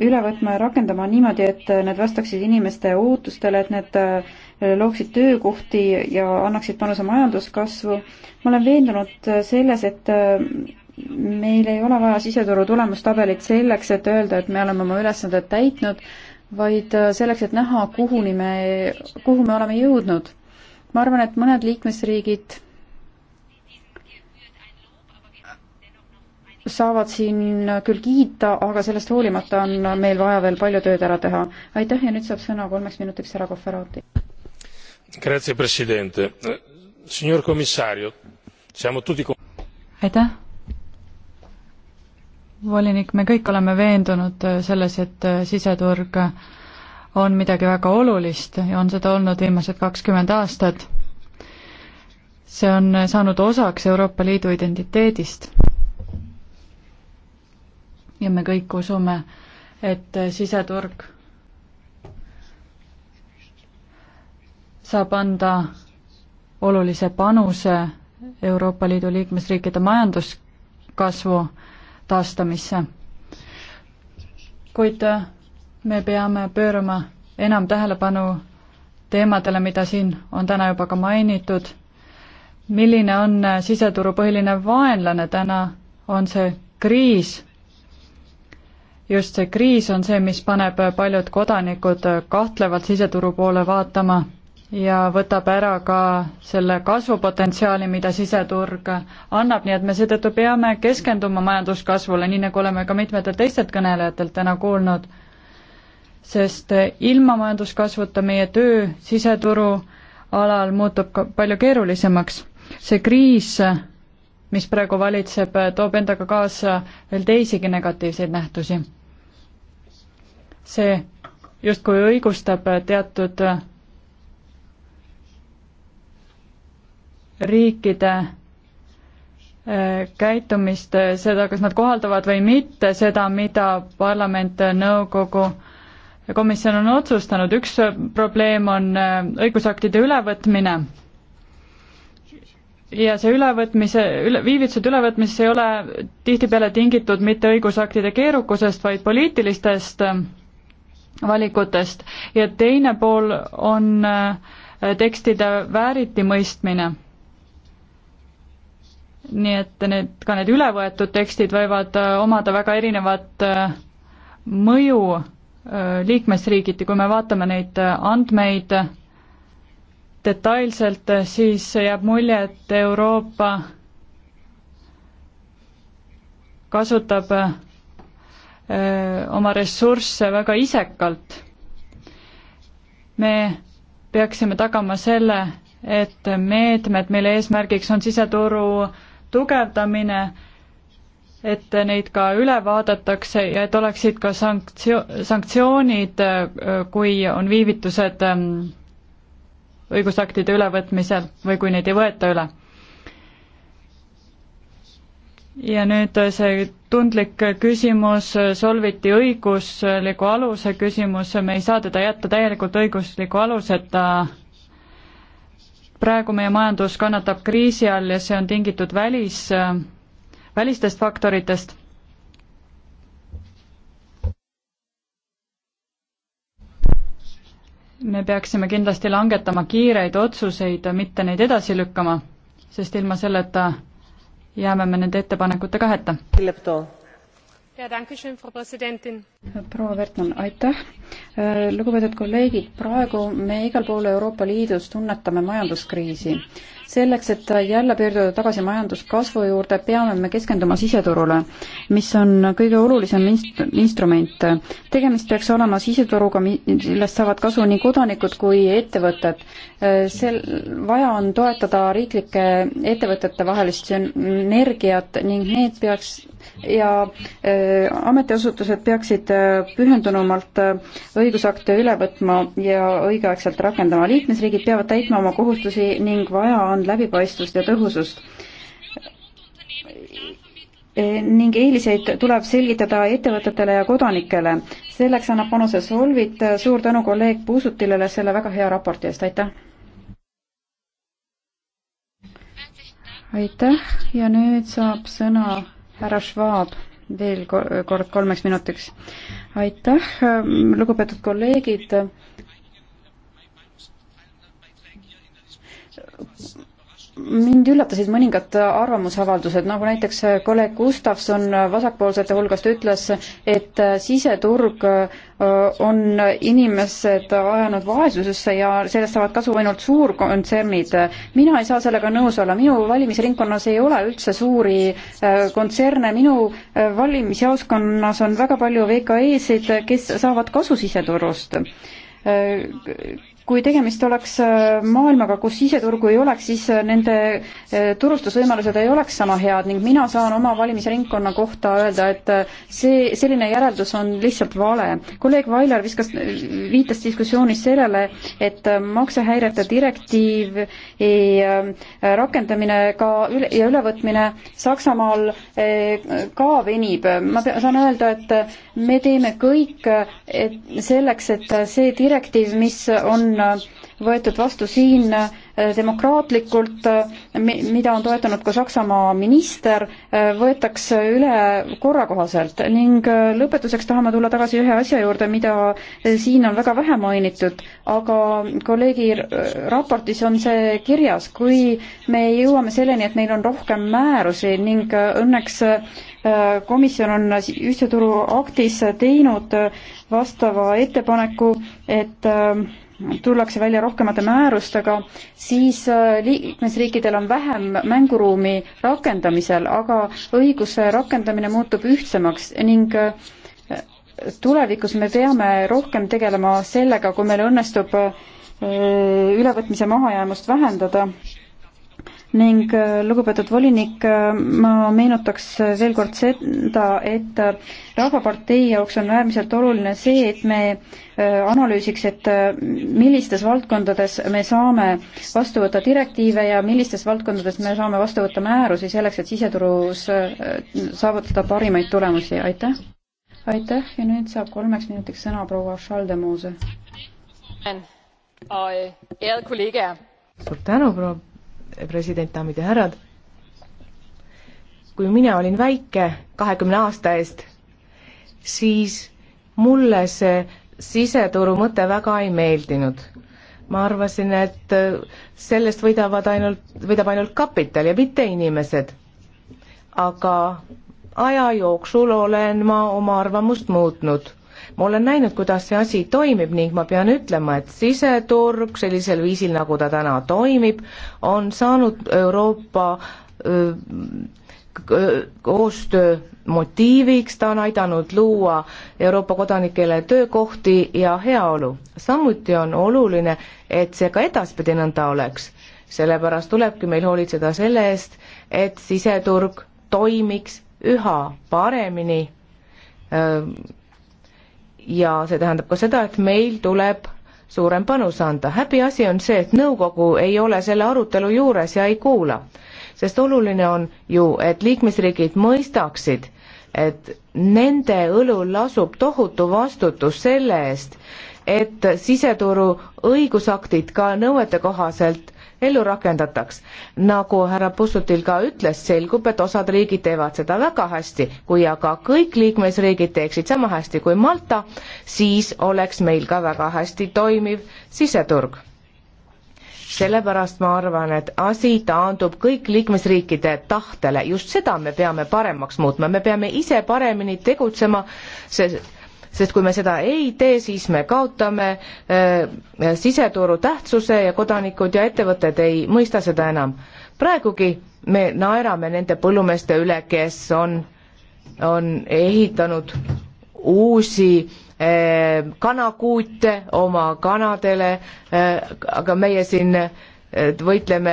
üle võtma ja rakendama niimoodi, et need vastaksid inimeste ootustele, et need äh, looksid töökohti ja annaksid panuse majanduskasvu. ma olen veendunud selles, et äh, meil ei ole vaja siseturu tulemustabelit selleks, et öelda, et me oleme oma ülesanded täitnud, vaid selleks, et näha, kuhuni me, kuhu me oleme jõudnud. ma arvan, et mõned liikmesriigid saavad siin küll kiita, aga sellest hoolimata on meil vaja veel palju tööd ära teha. aitäh ja nüüd saab sõna kolmeks minutiks härra Kohverati. Grazie, president. Signor commissario, siamo tutti aitäh! volinik, me kõik oleme veendunud selles, et siseturg on midagi väga olulist ja on seda olnud viimased kakskümmend aastat. see on saanud osaks Euroopa Liidu identiteedist ja me kõik usume, et siseturg saab anda olulise panuse Euroopa Liidu liikmesriikide majanduskasvu taastamisse. kuid me peame pöörama enam tähelepanu teemadele, mida siin on täna juba ka mainitud. milline on siseturu põhiline vaenlane täna, on see kriis, just see kriis on see, mis paneb paljud kodanikud kahtlevalt siseturu poole vaatama ja võtab ära ka selle kasvupotentsiaali, mida siseturg annab, nii et me seetõttu peame keskenduma majanduskasvule, nii nagu oleme ka mitmetelt teistelt kõnelejatelt täna kuulnud. sest ilma majanduskasvuta meie töö siseturu alal muutub ka palju keerulisemaks. see kriis mis praegu valitseb, toob endaga kaasa veel teisigi negatiivseid nähtusi. see justkui õigustab teatud riikide äh, käitumist, seda, kas nad kohaldavad või mitte, seda, mida parlament, nõukogu ja komisjon on otsustanud, üks probleem on äh, õigusaktide ülevõtmine ja see ülevõtmise, üle, viivitused ülevõtmises ei ole tihtipeale tingitud mitte õigusaktide keerukusest, vaid poliitilistest äh, valikutest ja teine pool on äh, tekstide vääritimõistmine. nii et need, ka need ülevõetud tekstid võivad äh, omada väga erinevat mõju liikmesriigiti, kui me vaatame neid andmeid, detailselt, siis jääb mulje, et Euroopa kasutab öö, äh, oma ressursse väga isekalt. me peaksime tagama selle, et meetmed, mille eesmärgiks on siseturu tugevdamine, et neid ka üle vaadatakse ja et oleksid ka sanktsioon, sanktsioonid, äh, kui on viivitused öö, ähm, õigusaktide ülevõtmisel või kui neid ei võeta üle. ja nüüd see tundlik küsimus, solviti õigusliku aluse küsimus, me ei saa teda jätta täielikult õigusliku aluseta, praegu meie majandus kannatab kriisi all ja see on tingitud välis, välistest faktoritest me peaksime kindlasti langetama kiireid otsuseid, mitte neid edasi lükkama, sest ilma selleta jääme me nende ettepanekute kaheta. proua Vertmann, aitäh! lugupeetud kolleegid, praegu me igal pool Euroopa Liidus tunnetame majanduskriisi selleks, et jälle pöörduda tagasi majanduskasvu juurde, peame me keskenduma siseturule, mis on kõige olulisem inst-, instrument. tegemist peaks olema siseturuga, millest saavad kasu nii kodanikud kui ettevõtted. sel-, vaja on toetada riiklike ettevõtete vahelist sünergiat ning need peaks ja äh, ametiasutused peaksid äh, pühendunumalt äh, õigusakte üle võtma ja õigeaegselt rakendama. liikmesriigid peavad täitma oma kohustusi ning vaja on läbipaistvust ja tõhusust e, ning eeliseid tuleb selgitada ettevõtetele ja kodanikele. selleks annab panuse Solvit, suur tänu kolleeg Puusutilele selle väga hea raporti eest, aitäh! aitäh ja nüüd saab sõna härra Schwab veel kord kolmeks minutiks. aitäh, lugupeetud kolleegid mind üllatasid mõningad arvamusavaldused, nagu näiteks kolleeg Gustavson vasakpoolsete hulgast ütles, et siseturg on inimesed ajanud vaesusesse ja sellest saavad kasu ainult suurkontsernid. mina ei saa sellega nõus olla, minu valimisringkonnas ei ole üldse suuri kontserne, minu valimisjaoskonnas on väga palju VKE-sid, kes saavad kasu siseturust kui tegemist oleks äh, maailmaga, kus siseturgu ei oleks, siis äh, nende äh, turustusvõimalused ei oleks sama head ning mina saan oma valimisringkonna kohta öelda, et see, selline järeldus on lihtsalt vale. kolleeg Vailar viskas, viitas diskussioonis sellele, et maksehäirete direktiiv rakendamine ka üle, ja ülevõtmine Saksamaal ka venib. ma pean, saan öelda, et me teeme kõik et selleks, et see direktiiv, mis on võetud vastu siin äh, demokraatlikult, äh, mida on toetanud ka Saksamaa minister, äh, võetakse üle korrakohaselt ning lõpetuseks tahame tulla tagasi ühe asja juurde, mida siin on väga vähe mainitud, aga kolleegi raportis on see kirjas, kui me jõuame selleni, et meil on rohkem määrusi ning õnneks komisjon on ühtse turu aktis teinud vastava ettepaneku, et äh, tullakse välja rohkemate määrustega, siis äh, liikmesriikidel on vähem mänguruumi rakendamisel, aga õiguse rakendamine muutub ühtsemaks ning äh, tulevikus me peame rohkem tegelema sellega, kui meil õnnestub äh, ülevõtmise mahajäämust vähendada ning äh, lugupeetud volinik, äh, ma meenutaks veel kord seda, et äh, Rahvapartei jaoks on äärmiselt oluline see, et me analüüsiks, et millistes valdkondades me saame vastu võtta direktiive ja millistes valdkondades me saame vastu võtta määrusi selleks, et siseturus saavutada parimaid tulemusi, aitäh! aitäh ja nüüd saab kolmeks minutiks sõna proua Schaldemose. suur tänu, proua president, daamid ja härrad. kui mina olin väike, kahekümne aasta eest, siis mulle see siseturu mõte väga ei meeldinud. ma arvasin, et sellest võidavad ainult, võidab ainult kapital ja mitte inimesed. aga aja jooksul olen ma oma arvamust muutnud ma olen näinud, kuidas see asi toimib ning ma pean ütlema, et siseturg sellisel viisil, nagu ta täna toimib, on saanud Euroopa öö, koostöö motiiviks, ta on aidanud luua Euroopa kodanikele töökohti ja heaolu. samuti on oluline, et see ka edaspidi nõnda oleks. sellepärast tulebki meil hoolitseda selle eest, et siseturg toimiks üha paremini öö, ja see tähendab ka seda, et meil tuleb suurem panus anda. häbiasi on see, et nõukogu ei ole selle arutelu juures ja ei kuula, sest oluline on ju, et liikmesriigid mõistaksid, et nende õlul lasub tohutu vastutus selle eest, et siseturu õigusaktid ka nõuete kohaselt ellu rakendataks. nagu härra Pussutil ka ütles, selgub, et osad riigid teevad seda väga hästi, kui aga kõik liikmesriigid teeksid sama hästi kui Malta, siis oleks meil ka väga hästi toimiv siseturg sellepärast ma arvan, et asi taandub kõik liikmesriikide tahtele, just seda me peame paremaks muutma, me peame ise paremini tegutsema, sest sest kui me seda ei tee, siis me kaotame äh, siseturu tähtsuse ja kodanikud ja ettevõtted ei mõista seda enam. praegugi me naerame nende põllumeeste üle, kes on, on ehitanud uusi äh, kanakuute oma kanadele, äh, aga meie siin võitleme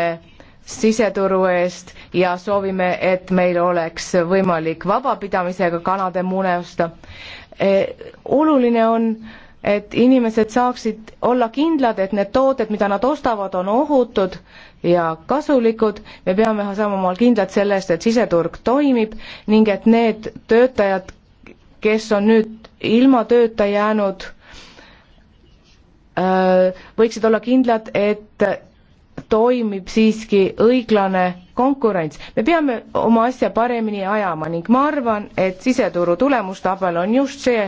siseturu eest ja soovime, et meil oleks võimalik vabapidamisega kanade muneosta. Eh, oluline on, et inimesed saaksid olla kindlad, et need tooted, mida nad ostavad, on ohutud ja kasulikud, me peame samal kindlad selle eest, et siseturg toimib ning et need töötajad, kes on nüüd ilma tööta jäänud, äh, võiksid olla kindlad, et toimib siiski õiglane konkurents. me peame oma asja paremini ajama ning ma arvan, et siseturu tulemustabel on just see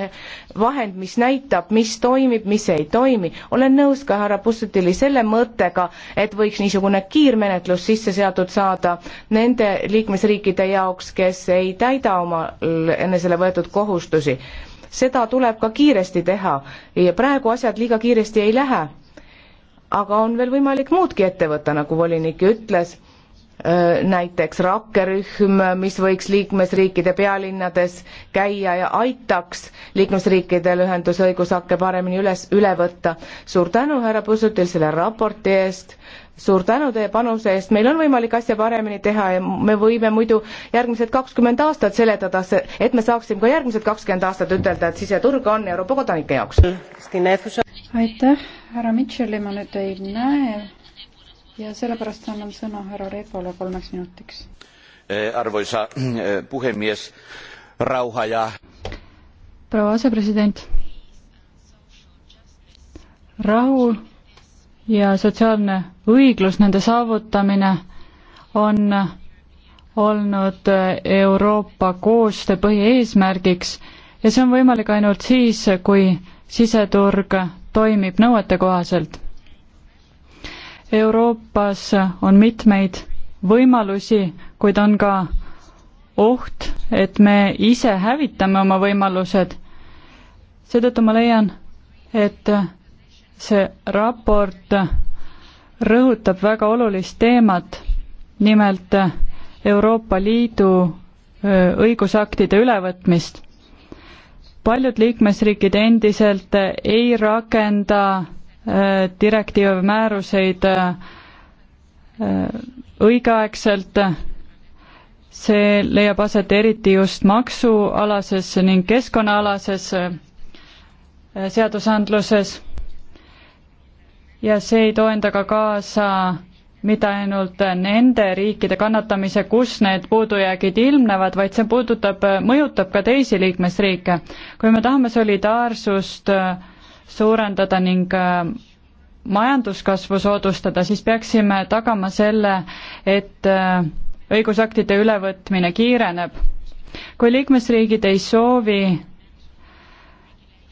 vahend, mis näitab, mis toimib, mis ei toimi. olen nõus ka härra Pussutili selle mõttega, et võiks niisugune kiirmenetlus sisse seatud saada nende liikmesriikide jaoks, kes ei täida oma enesele võetud kohustusi. seda tuleb ka kiiresti teha ja praegu asjad liiga kiiresti ei lähe aga on veel võimalik muudki ette võtta, nagu volinik ütles, näiteks rakkerühm, mis võiks liikmesriikide pealinnades käia ja aitaks liikmesriikidel ühendusõigushakke paremini üles, üle võtta. suur tänu, härra Pusutil, selle raporti eest, suur tänu teie panuse eest, meil on võimalik asja paremini teha ja me võime muidu järgmised kakskümmend aastat seletada, et me saaksime ka järgmised kakskümmend aastat ütelda, et siseturg on Euroopa kodanike jaoks. aitäh härra Mitchell'i ma nüüd ei näe ja sellepärast annan sõna härra Repole kolmeks minutiks. Eh, arvoisa eh, puhemies, rauha ja proua asepresident, rahu ja sotsiaalne õiglus, nende saavutamine on olnud Euroopa koostöö põhieesmärgiks ja see on võimalik ainult siis, kui siseturg toimib nõuetekohaselt. Euroopas on mitmeid võimalusi, kuid on ka oht, et me ise hävitame oma võimalused. seetõttu ma leian, et see raport rõhutab väga olulist teemat, nimelt Euroopa Liidu õigusaktide ülevõtmist paljud liikmesriigid endiselt ei rakenda äh, direktiive või määruseid äh, õigeaegselt, see leiab aset eriti just maksualases ning keskkonnaalases äh, seadusandluses ja see ei toenda ka kaasa mitte ainult nende riikide kannatamise, kus need puudujäägid ilmnevad, vaid see puudutab, mõjutab ka teisi liikmesriike. kui me tahame solidaarsust äh, suurendada ning äh, majanduskasvu soodustada, siis peaksime tagama selle, et äh, õigusaktide ülevõtmine kiireneb. kui liikmesriigid ei soovi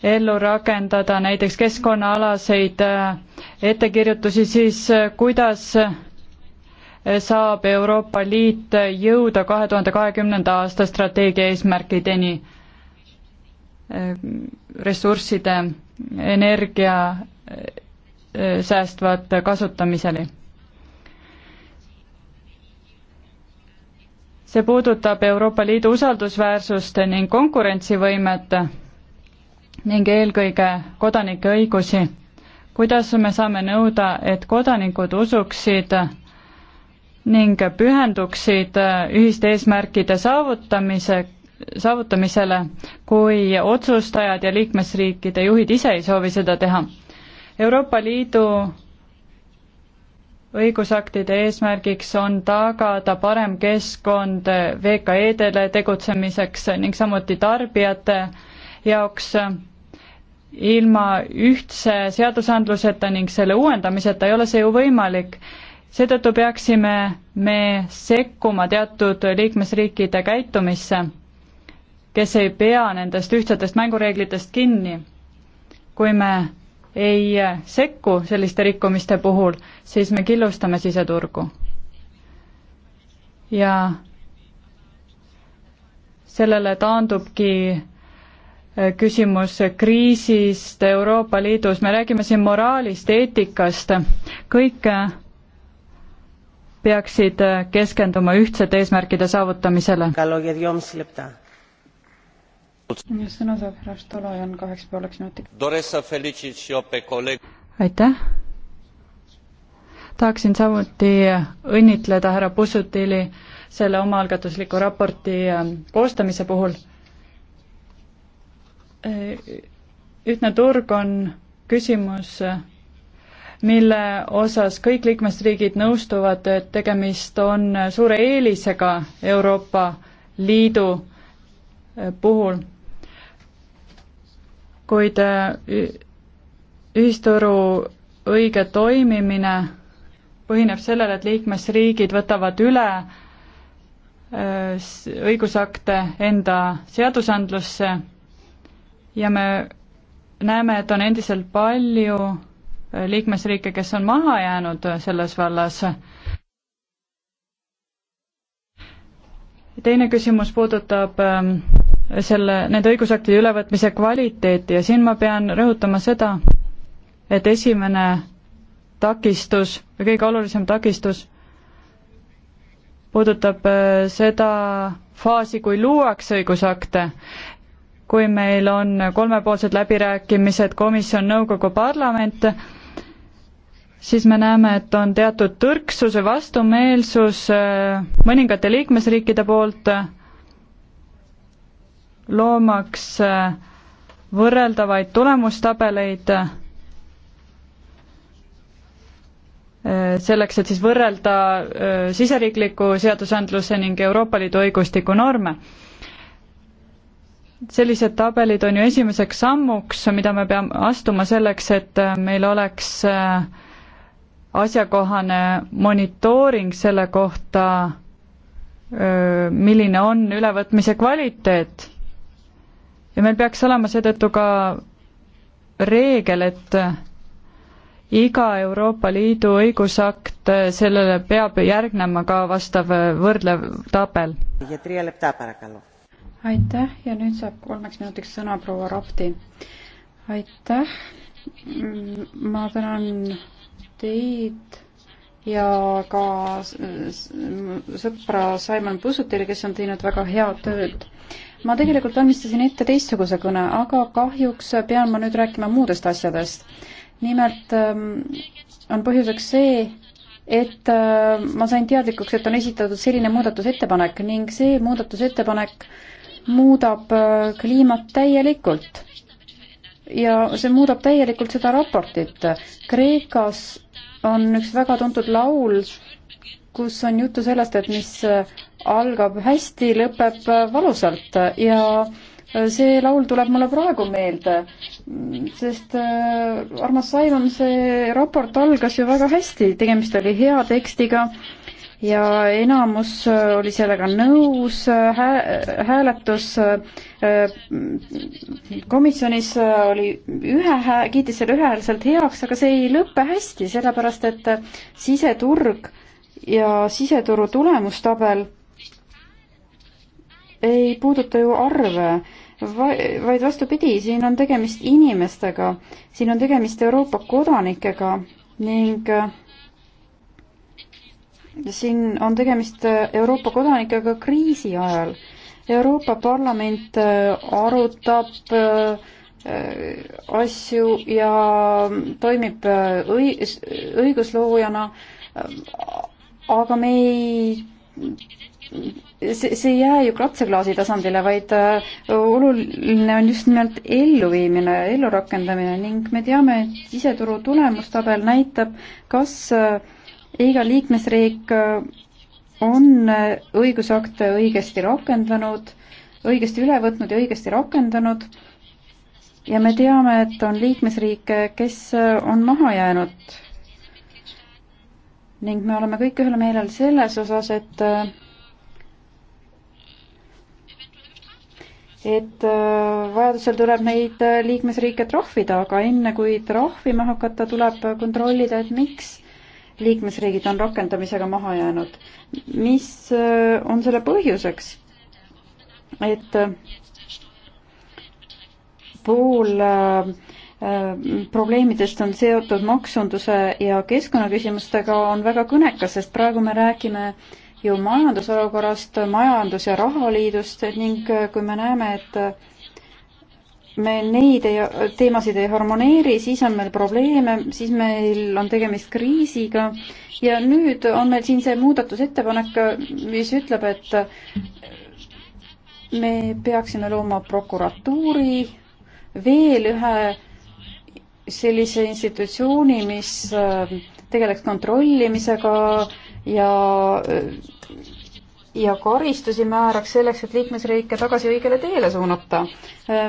ellu rakendada näiteks keskkonnaalaseid äh, ettekirjutusi, siis äh, kuidas äh, saab Euroopa Liit jõuda kahe tuhande kahekümnenda aasta strateegia eesmärkideni ressursside energia säästvat kasutamiseni? see puudutab Euroopa Liidu usaldusväärsust ning konkurentsivõimet ning eelkõige kodanike õigusi. kuidas me saame nõuda, et kodanikud usuksid ning pühenduksid ühiste eesmärkide saavutamise, saavutamisele, kui otsustajad ja liikmesriikide juhid ise ei soovi seda teha. Euroopa Liidu õigusaktide eesmärgiks on tagada parem keskkond VKE-dele tegutsemiseks ning samuti tarbijate jaoks ilma ühtse seadusandluseta ning selle uuendamiseta ei ole see ju võimalik. seetõttu peaksime me sekkuma teatud liikmesriikide käitumisse, kes ei pea nendest ühtsetest mängureeglitest kinni. kui me ei sekku selliste rikkumiste puhul, siis me killustame siseturgu. ja sellele taandubki küsimus kriisist Euroopa Liidus, me räägime siin moraalist, eetikast, kõik äh, peaksid äh, keskenduma ühtsete eesmärkide saavutamisele. sõna saab härra Stolojan kaheks pooleks minutiks. aitäh. tahaksin samuti õnnitleda härra Pussutili selle omaalgatusliku raporti äh, koostamise puhul ühtne turg on küsimus, mille osas kõik liikmesriigid nõustuvad, et tegemist on suure eelisega Euroopa Liidu äh, puhul. kuid äh, ühisturu õige toimimine põhineb sellele, et liikmesriigid võtavad üle äh, õigusakte enda seadusandlusse ja me näeme, et on endiselt palju äh, liikmesriike, kes on maha jäänud äh, selles vallas. teine küsimus puudutab ähm, selle, nende õigusaktide ülevõtmise kvaliteeti ja siin ma pean rõhutama seda, et esimene takistus või kõige olulisem takistus puudutab äh, seda faasi, kui luuakse õigusakte kui meil on kolmepoolsed läbirääkimised komisjon, nõukogu, parlament, siis me näeme, et on teatud tõrksus ja vastumeelsus äh, mõningate liikmesriikide poolt, loomaks äh, võrreldavaid tulemustabeleid äh, selleks, et siis võrrelda siseriikliku seadusandluse ning Euroopa Liidu õigustiku norme sellised tabelid on ju esimeseks sammuks, mida me peame astuma selleks, et äh, meil oleks äh, asjakohane monitooring selle kohta, äh, milline on ülevõtmise kvaliteet. ja meil peaks olema seetõttu ka reegel, et iga Euroopa Liidu õigusakt, sellele peab järgnema ka vastav võrdlev tabel. ja Triele Ptapara, palun aitäh ja nüüd saab kolmeks minutiks sõna proua Rapti. aitäh, mm, ma tänan teid ja ka sõpra Simon Pussutile, kes on teinud väga head tööd. ma tegelikult valmistasin ette teistsuguse kõne, aga kahjuks pean ma nüüd rääkima muudest asjadest. nimelt ähm, on põhjuseks see, et äh, ma sain teadlikuks, et on esitatud selline muudatusettepanek ning see muudatusettepanek äh, muudab äh, kliimat täielikult. ja see muudab täielikult seda raportit. Kreekas on üks väga tuntud laul, kus on juttu sellest, et mis äh, algab hästi, lõpeb äh, valusalt ja see laul tuleb mulle praegu meelde, mm, sest äh, armas Saimon, see raport algas ju väga hästi, tegemist oli hea tekstiga äh,, ja enamus äh, oli sellega nõus äh, hää,, äh, hääletus komisjonis oli ühe, kiitis selle ühehäälselt heaks, aga see ei lõppe hästi, sellepärast et siseturg ja siseturu tulemustabel ei puuduta ju arve, vaid vastupidi, siin on tegemist inimestega, siin on tegemist Euroopa kodanikega ning äh, siin on tegemist äh, Euroopa kodanikega kriisi ajal. Euroopa Parlament äh, arutab äh, asju ja toimib õig-, õigusloojana, aga me ei see, see ei jää ju katseklaasi tasandile, vaid oluline on just nimelt elluviimine, ellurakendamine ning me teame, et siseturu tulemustabel näitab, kas äh, iga liikmesriik äh, on äh, õigusakte õigesti rakendanud, õigesti üle võtnud ja õigesti rakendanud ja me teame, et on liikmesriike, kes äh, on maha jäänud. ning me oleme kõik ühel meelel selles osas, et et vajadusel tuleb neid liikmesriike trahvida, aga enne kui trahvima hakata, tuleb kontrollida, et miks liikmesriigid on rakendamisega maha jäänud. mis äh, on selle põhjuseks? et äh, pool äh, äh, probleemidest on seotud maksunduse ja keskkonnaküsimustega, on väga kõnekas, sest praegu me räägime ju majandusolukorrast, majandus- ja rahaliidust ning kui me näeme, et me neid ei, teemasid ei harmoneeri, siis on meil probleeme, siis meil on tegemist kriisiga ja nüüd on meil siin see muudatusettepanek, mis ütleb, et me peaksime looma prokuratuuri, veel ühe sellise institutsiooni, mis tegeleks kontrollimisega ja ja karistusi määraks selleks, et liikmesriike tagasi õigele teele suunata.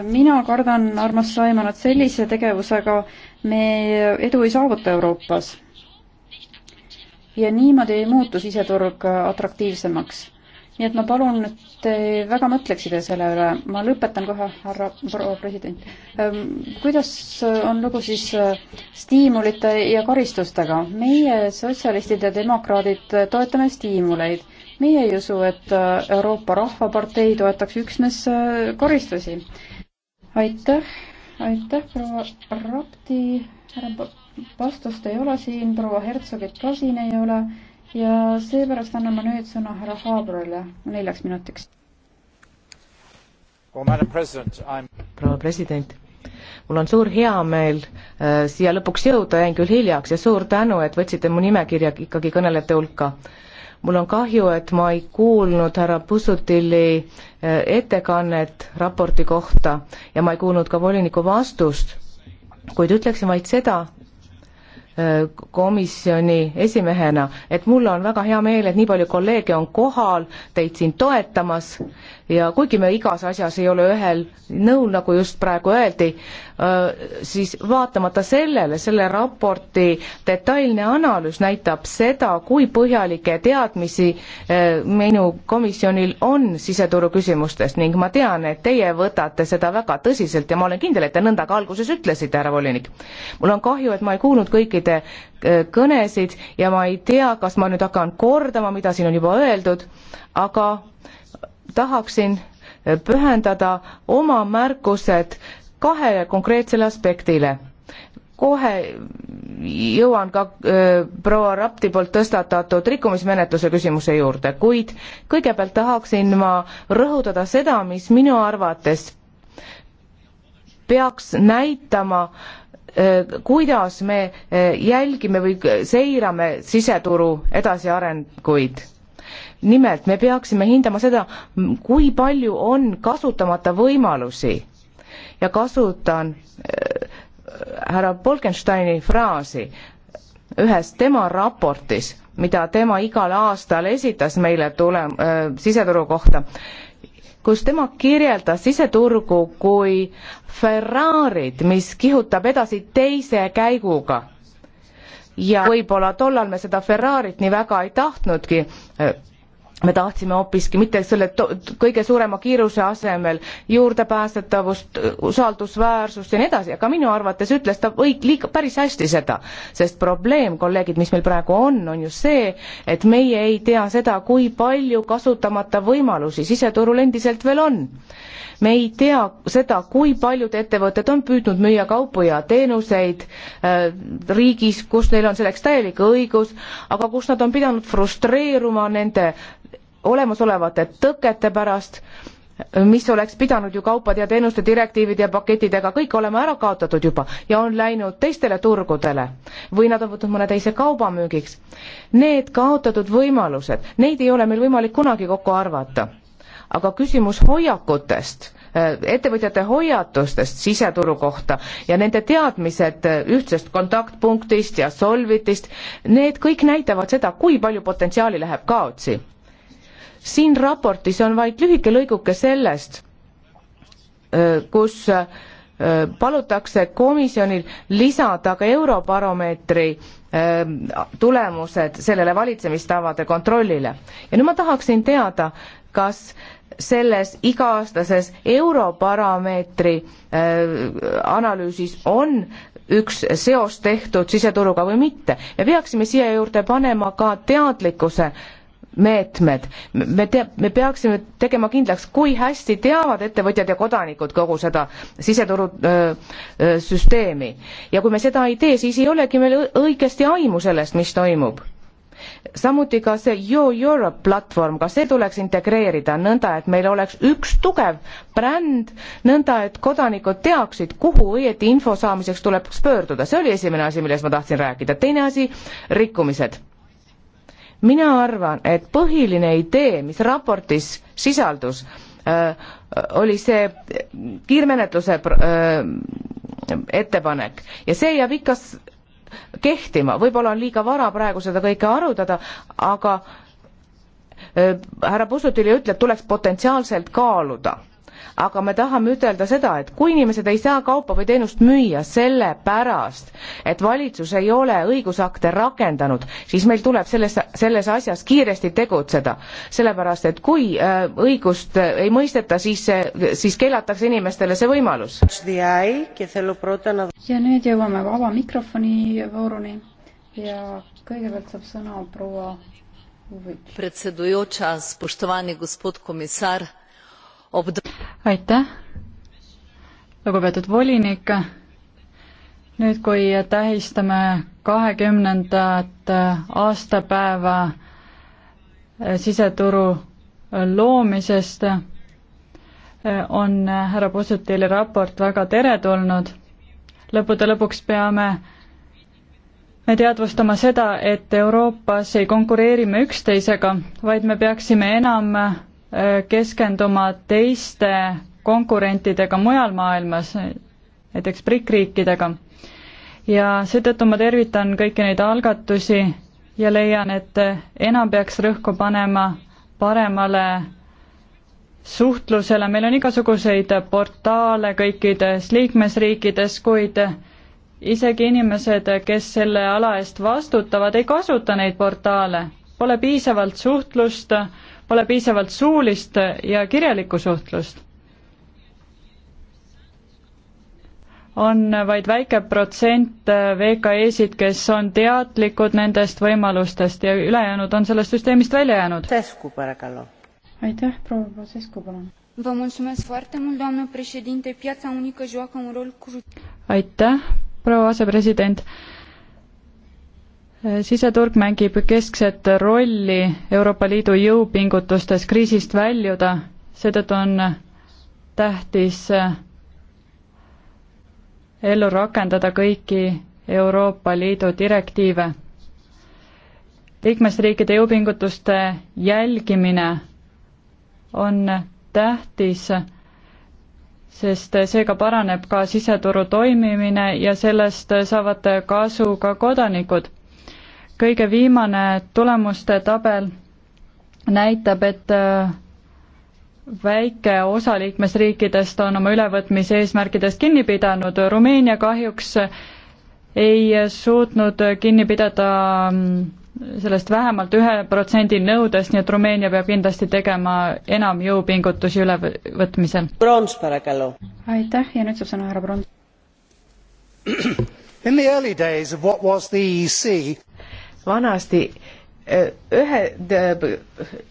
mina kardan, armas Saimon, et sellise tegevusega me edu ei saavuta Euroopas. ja niimoodi ei muutu siseturg atraktiivsemaks. nii et ma palun, et te väga mõtleksite selle üle, ma lõpetan kohe, härra proua president. Ehm, kuidas on lugu siis äh, stiimulite ja karistustega? meie, sotsialistid ja demokraadid, toetame stiimuleid meie ei usu, et äh, Euroopa Rahvapartei toetaks üksnes äh, karistusi. aitäh, aitäh, proua Rapti, härra vastust ei ole siin, proua Hertsogit ka siin ei ole ja seepärast annan ma nüüd sõna härra Haabrile neljaks minutiks well,. proua president, mul on suur heameel äh, siia lõpuks jõuda, jäin küll hiljaks ja suur tänu, et võtsite mu nimekirja ikkagi kõnelejate hulka äh, mul on kahju, et ma ei kuulnud härra Pusutili eh, ettekannet raporti kohta ja ma ei kuulnud ka voliniku vastust, kuid ütleksin vaid seda, eh, komisjoni esimehena, et mul on väga hea meel, et nii palju kolleege on kohal teid siin toetamas ja kuigi me igas asjas ei ole ühel nõul, nagu just praegu öeldi, äh, siis vaatamata sellele, selle raporti detailne analüüs näitab seda, kui põhjalikke teadmisi äh, minu komisjonil on siseturu küsimustes ning ma tean, et teie võtate seda väga tõsiselt ja ma olen kindel, et te nõnda ka alguses ütlesite, härra volinik. mul on kahju, et ma ei kuulnud kõikide äh, kõnesid ja ma ei tea, kas ma nüüd hakkan kordama, mida siin on juba öeldud, aga tahaksin pühendada oma märkused kahele konkreetsele aspektile. kohe jõuan ka äh, proua Rapti poolt tõstatatud rikkumismenetluse küsimuse juurde, kuid kõigepealt tahaksin ma rõhutada seda, mis minu arvates peaks näitama äh, kuidas me äh, jälgime või seirame siseturu edasiarenguid nimelt me peaksime hindama seda, kui palju on kasutamata võimalusi ja kasutan äh, härra Bolkensteini fraasi ühes tema raportis, mida tema igal aastal esitas meile tule- äh,, siseturu kohta, kus tema kirjeldas siseturgu kui Ferrarit, mis kihutab edasi teise käiguga. ja võib-olla tollal me seda Ferrarit nii väga ei tahtnudki äh, me tahtsime hoopiski mitte selle kõige suurema kiiruse asemel juurdepääsetavust, usaldusväärsust ja nii edasi, aga minu arvates ütles ta õig-, liiga, päris hästi seda. sest probleem, kolleegid, mis meil praegu on, on just see, et meie ei tea seda, kui palju kasutamata võimalusi siseturul endiselt veel on. me ei tea seda, kui paljud ettevõtted on püüdnud müüa kaupu ja teenuseid äh, riigis, kus neil on selleks täielik õigus, aga kus nad on pidanud frustreeruma nende olemasolevate tõkete pärast, mis oleks pidanud ju kaupade ja teenuste direktiivide ja pakettidega kõik olema ära kaotatud juba ja on läinud teistele turgudele või nad on võtnud mõne teise kauba müügiks. Need kaotatud võimalused, neid ei ole meil võimalik kunagi kokku arvata. aga küsimus hoiakutest, ettevõtjate hoiatustest siseturu kohta ja nende teadmised ühtsest kontaktpunktist ja solvitist, need kõik näitavad seda, kui palju potentsiaali läheb kaotsi siin raportis on vaid lühike lõiguke sellest, kus palutakse komisjonil lisada ka Eurobaromeetri tulemused sellele valitsemistavade kontrollile. ja nüüd ma tahaksin teada, kas selles iga-aastases Eurobaromeetri analüüsis on üks seos tehtud siseturuga või mitte ja peaksime siia juurde panema ka teadlikkuse äh, meetmed. me tea-, me peaksime tegema kindlaks, kui hästi teavad ettevõtjad ja kodanikud kogu seda siseturu öö, öö, süsteemi. ja kui me seda ei tee, siis ei olegi meil õigesti aimu sellest, mis toimub. samuti ka see Yo Europe platvorm, ka see tuleks integreerida nõnda, et meil oleks üks tugev bränd, nõnda et kodanikud teaksid, kuhu õieti info saamiseks tuleks pöörduda, see oli esimene asi, millest ma tahtsin rääkida, teine asi, rikkumised mina arvan, et põhiline idee, mis raportis sisaldus, äh, oli see kiirmenetluse äh, ettepanek ja see jääb ikka kehtima, võib-olla on liiga vara praegu seda kõike arutada, aga äh, härra Pusutil ju ütleb, tuleks potentsiaalselt kaaluda aga me tahame ütelda seda, et kui inimesed ei saa kaupa või teenust müüa sellepärast, et valitsus ei ole õigusakte rakendanud, siis meil tuleb selles, selles asjas kiiresti tegutseda. sellepärast, et kui äh, õigust äh, ei mõisteta, siis see, siis keelatakse inimestele see võimalus. ja nüüd jõuame vaba mikrofoni vooruni ja kõigepealt saab sõna proua Predsedujoča, spoštovani gospod komisar aitäh, lugupeetud volinik. nüüd, kui tähistame kahekümnendat aastapäeva siseturu loomisest, on härra Pusutili raport väga teretulnud. lõppude lõpuks peame me teadvustama seda, et Euroopas ei konkureeri me üksteisega, vaid me peaksime enam keskenduma teiste konkurentidega mujal maailmas, näiteks BRIC riikidega. ja seetõttu ma tervitan kõiki neid algatusi ja leian, et enam peaks rõhku panema paremale suhtlusele, meil on igasuguseid portaale kõikides liikmesriikides, kuid isegi inimesed, kes selle ala eest vastutavad, ei kasuta neid portaale. Pole piisavalt suhtlust äh, pole piisavalt suulist ja kirjalikku suhtlust. on vaid väike protsent VKE-sid, kes on teadlikud nendest võimalustest ja ülejäänud on sellest süsteemist välja jäänud. aitäh, proua Pasescu, palun. aitäh, proua asepresident siseturg mängib keskset rolli Euroopa Liidu jõupingutustes kriisist väljuda, seetõttu on tähtis äh, ellu rakendada kõiki Euroopa Liidu direktiive. liikmesriikide jõupingutuste jälgimine on tähtis, sest seega paraneb ka siseturu toimimine ja sellest saavad kasu ka kodanikud kõige viimane tulemuste tabel näitab, et äh, väike osa liikmesriikidest on oma ülevõtmise eesmärkidest kinni pidanud, Rumeenia kahjuks ei suutnud kinni pidada mm, sellest vähemalt ühe protsendi nõudest, nii et Rumeenia peab kindlasti tegema enam jõupingutusi ülevõtmisel. aitäh ja nüüd saab sõna härra Brons. In the early days of what was the EEC vanasti äh, ühe äh,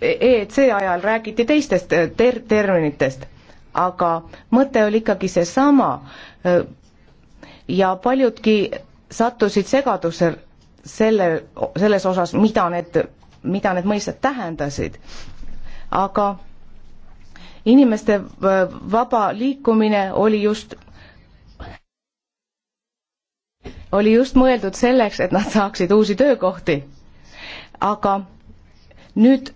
EEC ajal räägiti teistest äh, ter-, terminitest, aga mõte oli ikkagi seesama ja paljudki sattusid segaduse selle, selles osas, mida need, mida need mõisted tähendasid. aga inimeste vaba liikumine oli just oli just mõeldud selleks, et nad saaksid uusi töökohti. aga nüüd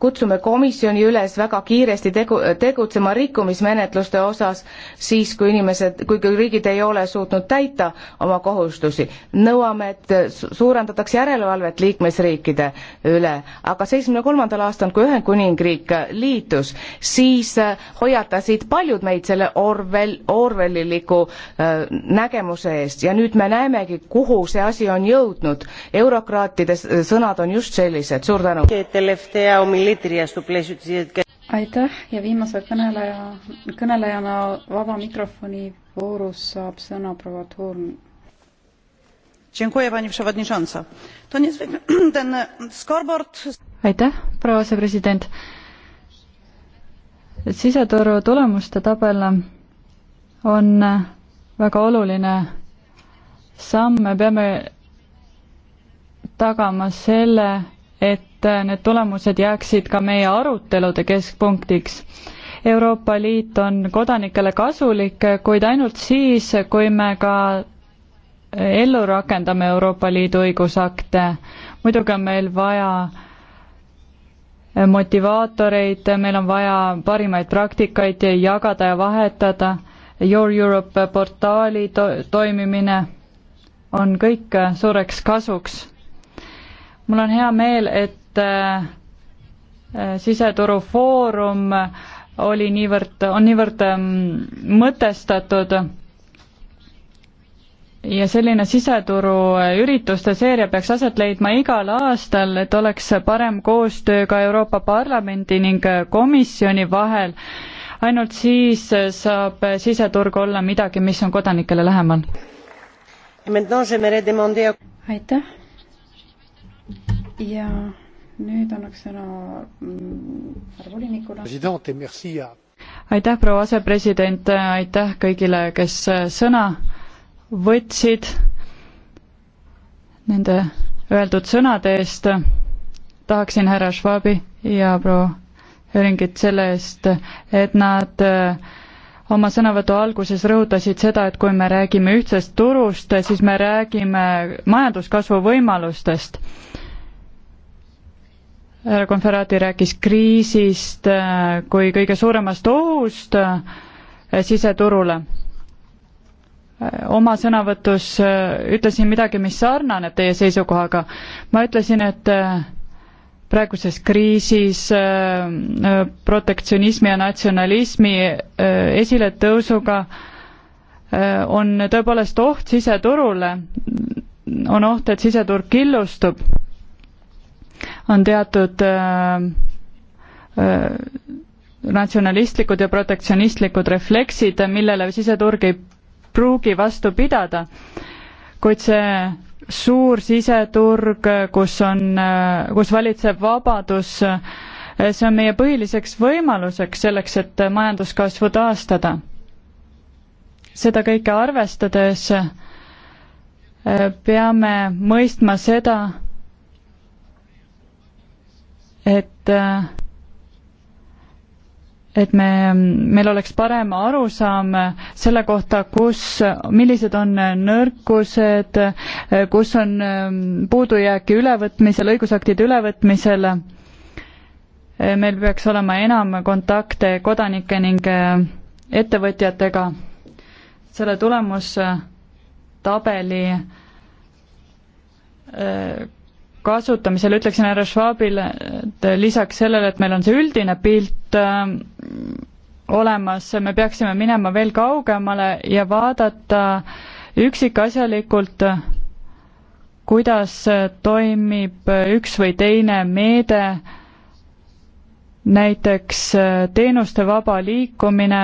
kutsume komisjoni üles väga kiiresti tegu, tegutsema rikkumismenetluste osas siis, kui inimesed, kui riigid ei ole suutnud täita oma kohustusi. nõuame, et suurendataks järelevalvet liikmesriikide üle, aga seitsmekümne kolmandal aastal, kui Ühendkuningriik liitus, siis äh, hoiatasid paljud meid selle Orwell, Orwelliliku äh, nägemuse eest ja nüüd me näemegi, kuhu see asi on jõudnud. eurokraatide sõnad on just sellised, suur tänu aitäh ja viimase kõneleja, kõnelejana vaba mikrofoni voorus saab sõna proua Turn. aitäh, proua asepresident. siseturu tulemuste tabel on väga oluline samm, me peame tagama selle, et et need tulemused jääksid ka meie arutelude keskpunktiks. Euroopa Liit on kodanikele kasulik, kuid ainult siis, kui me ka ellu rakendame Euroopa Liidu õigusakte. muidugi on meil vaja motivaatoreid, meil on vaja parimaid praktikaid jagada ja vahetada, Your Europe portaali to-, toimimine on kõik suureks kasuks. mul on hea meel, et et äh, siseturufoorum oli niivõrd, on niivõrd ähm, mõtestatud ja selline siseturu äh, ürituste seeria peaks aset leidma igal aastal, et oleks parem koostöö ka Euroopa Parlamendi ning äh, komisjoni vahel. ainult siis saab siseturg olla midagi, mis on kodanikele lähemal. aitäh ja nüüd annaks sõna mm, härra volinikule. aitäh, proua asepresident, aitäh kõigile, kes äh, sõna võtsid nende öeldud sõnade eest. tahaksin härra Schwabi ja proua Höringit selle eest, et nad äh, oma sõnavõtu alguses rõhutasid seda, et kui me räägime ühtsest turust, siis me räägime majanduskasvu võimalustest härra Konferati rääkis kriisist äh, kui kõige suuremast ohust äh, siseturule. Äh, oma sõnavõtus ütlesin midagi, mis sarnaneb teie seisukohaga. ma ütlesin, et praeguses kriisis protektsionismi ja natsionalismi esiletõusuga on tõepoolest oht siseturule, on oht, et siseturg killustub on teatud äh, äh, natsionalistlikud ja protektsionistlikud refleksid, millele siseturg ei pruugi vastu pidada, kuid see suur siseturg, kus on, äh, kus valitseb vabadus, see on meie põhiliseks võimaluseks selleks, et majanduskasvu taastada. seda kõike arvestades peame mõistma seda, et et me, meil oleks parem arusaam selle kohta, kus, millised on nõrkused, kus on ähm, puudujääki ülevõtmisel, õigusaktide ülevõtmisel. meil peaks olema enam kontakte kodanike ning äh, ettevõtjatega. selle tulemustabeli äh, kasutamisel ütleksin härra Schwabile, et lisaks sellele, et meil on see üldine pilt äh, olemas, me peaksime minema veel kaugemale ja vaadata üksikasjalikult, kuidas toimib üks või teine meede, näiteks teenuste vaba liikumine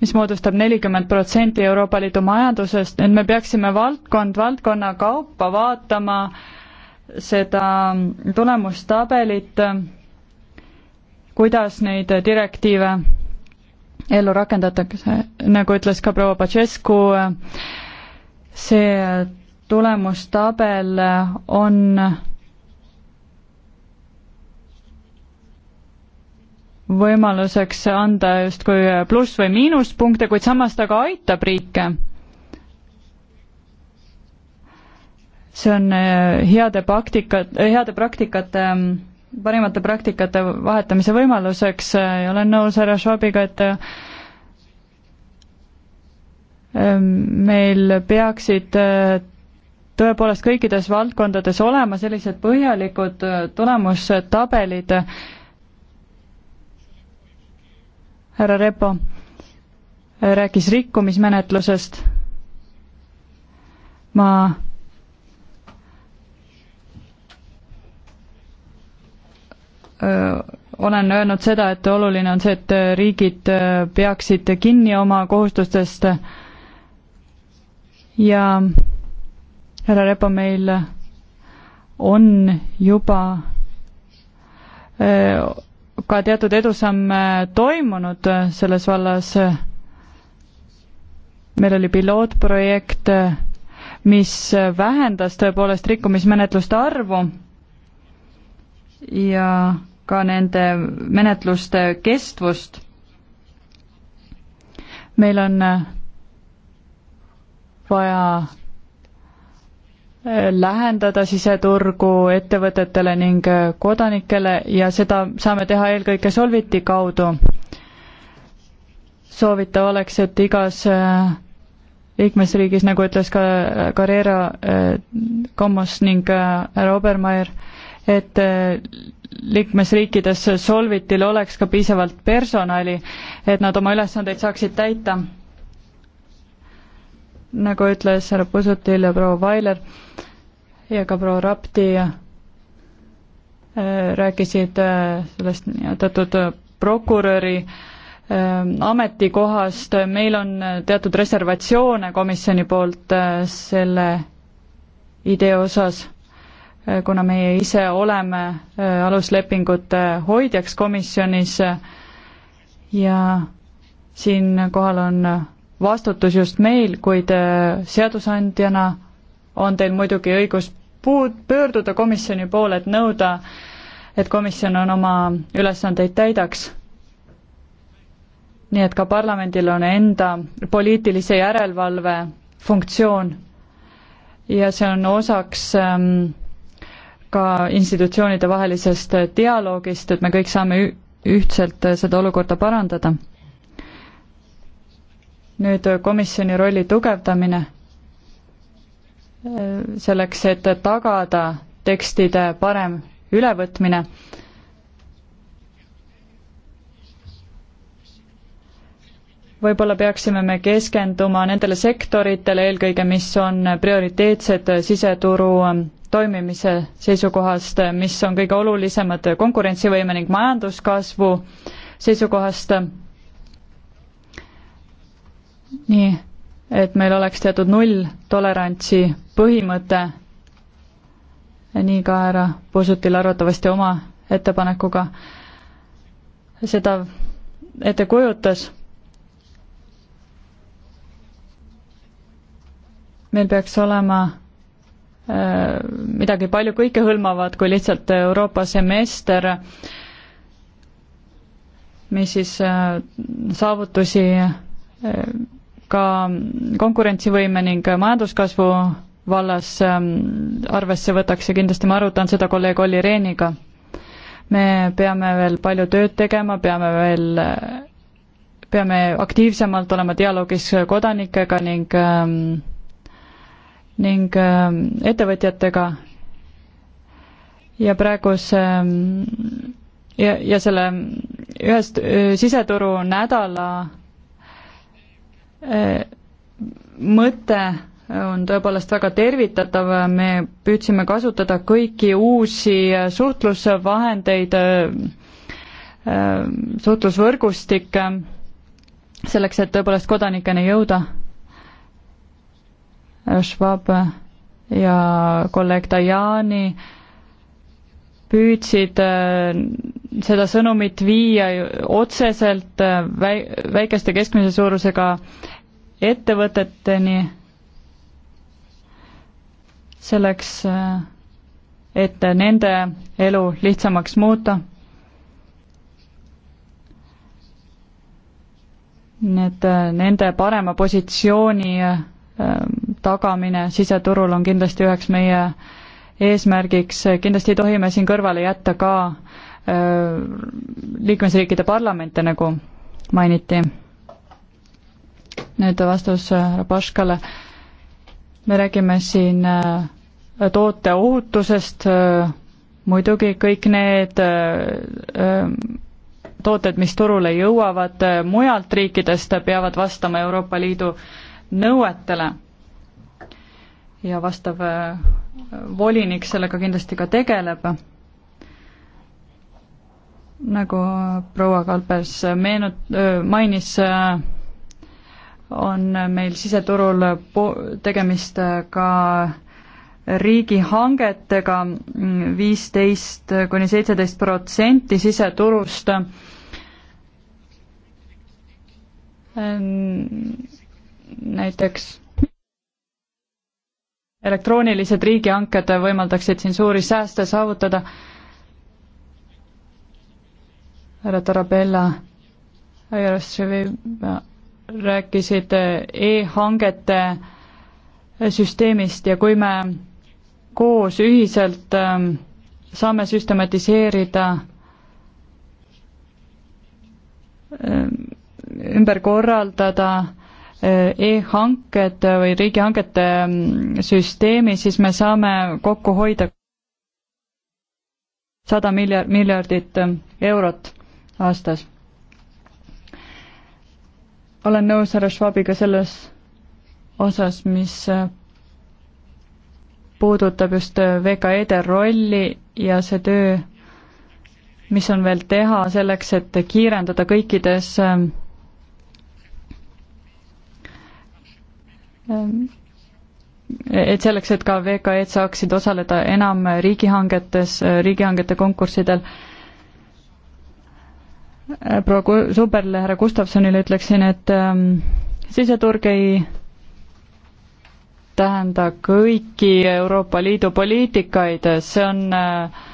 mis moodustab nelikümmend protsenti Euroopa Liidu majandusest, et me peaksime valdkond valdkonna kaupa vaatama seda tulemustabelit, kuidas neid direktiive ellu rakendatakse, nagu ütles ka proua Pacescu, see tulemustabel on võimaluseks anda justkui pluss- või miinuspunkte, kuid samas ta ka aitab riike. see on äh, heade praktikat, äh, heade praktikate, mm, parimate praktikate vahetamise võimaluseks äh, ja olen nõus härra Schwabiga, et ähm, meil peaksid tõepoolest kõikides valdkondades olema sellised põhjalikud tulemustabelid, härra Repo äh, rääkis rikkumismenetlusest. ma öö, äh, olen öelnud seda, et oluline on see, et riigid äh, peaksid kinni oma kohustustest ja härra Repo, meil on juba öö, ka teatud edusamme äh, toimunud äh, selles vallas. Äh, meil oli pilootprojekt, mis vähendas tõepoolest rikkumismenetluste arvu ja ka nende menetluste kestvust. meil on vaja lähendada siseturgu ettevõtetele ning kodanikele ja seda saame teha eelkõige Solviti kaudu. soovitav oleks, et igas äh, liikmesriigis, nagu ütles ka Carrera äh, Commos ning äh, härra Obermeier, et liikmesriikides Solvitil oleks ka piisavalt personali, et nad oma ülesandeid saaksid täita nagu ütles härra Pusutil ja proua Vailer ja ka proua Rapti ja äh, rääkisid äh, sellest nimetatud äh, prokuröri ametikohast, meil on teatud reservatsioone komisjoni poolt selle idee osas, kuna meie ise oleme aluslepingute hoidjaks komisjonis ja siinkohal on vastutus just meil, kuid äh, seadusandjana on teil muidugi õigus puud-, pöörduda komisjoni poole, et nõuda, et komisjon on oma ülesandeid täidaks. nii et ka parlamendil on enda poliitilise järelevalve funktsioon ja see on osaks ähm, ka institutsioonide vahelisest dialoogist, et me kõik saame ühtselt äh, seda olukorda parandada nüüd komisjoni rolli tugevdamine selleks, et tagada tekstide parem ülevõtmine. võib-olla peaksime me keskenduma nendele sektoritele eelkõige, mis on prioriteetsed siseturu toimimise seisukohast, mis on kõige olulisemad konkurentsivõime ning majanduskasvu seisukohast nii et meil oleks teatud nulltolerantsi põhimõte. nii ka härra Pusutil arvatavasti oma ettepanekuga seda ette kujutas. meil peaks olema äh, midagi palju kõikehõlmavat kui lihtsalt Euroopa semester, mis siis äh, saavutusi äh, ka konkurentsivõime ning majanduskasvu vallas ähm, arvesse võtaks ja kindlasti ma arutan seda kolleeg Olli Rehniga. me peame veel palju tööd tegema, peame veel, äh, peame aktiivsemalt olema dialoogis kodanikega ning ähm, ning ähm, ettevõtjatega ja praeguse ja, ja selle ühest äh, siseturu nädala Äh, mõte on tõepoolest väga tervitatav, me püüdsime kasutada kõiki uusi suhtlusvahendeid, äh, äh, suhtlusvõrgustikke, selleks, et tõepoolest kodanikeni jõuda. Schwab ja kolleeg Tajani äh, püüdsid äh, seda sõnumit viia otseselt äh, väi-, väikeste keskmise suurusega ettevõteteni, selleks, äh, et nende elu lihtsamaks muuta. nii et nende parema positsiooni tagamine siseturul on kindlasti üheks meie äh, eesmärgiks, kindlasti ei tohi me siin kõrvale jätta ka öö, liikmesriikide parlamente, nagu mainiti. nüüd vastus äh, Rabaškale. me räägime siin öö, äh, toote ohutusest, muidugi kõik need äh, öö, tooted, mis turule jõuavad mujalt riikidest, peavad vastama Euroopa Liidu nõuetele ja vastav äh, volinik sellega kindlasti ka tegeleb. nagu proua Kalpers meenut-, mainis, äh, on meil siseturul po-, tegemist äh, ka riigihangetega mm, viisteist kuni seitseteist protsenti siseturust näiteks elektroonilised riigihanked võimaldaksid siin suuri sääste saavutada. härra Tarabella äh, rääkisid äh, e-hangete äh, süsteemist ja kui me koos ühiselt ähm, saame süstematiseerida ähm, ümber korraldada äh, e-hanked või riigihangete mm, süsteemi, siis me saame kokku hoida sada miljard, miljardit mm, eurot aastas. olen nõus härra Schwabiga selles osas, mis mm, puudutab just VKE-de rolli ja see töö, mis on veel teha selleks, et kiirendada kõikides Ähm, et selleks, et ka VKE-d saaksid osaleda enam riigihangetes, äh, riigihangete konkurssidel. Äh, proua Suberle, härra Gustavsonile ütleksin, et ähm, siseturg ei tähenda kõiki Euroopa Liidu poliitikaid, see on äh,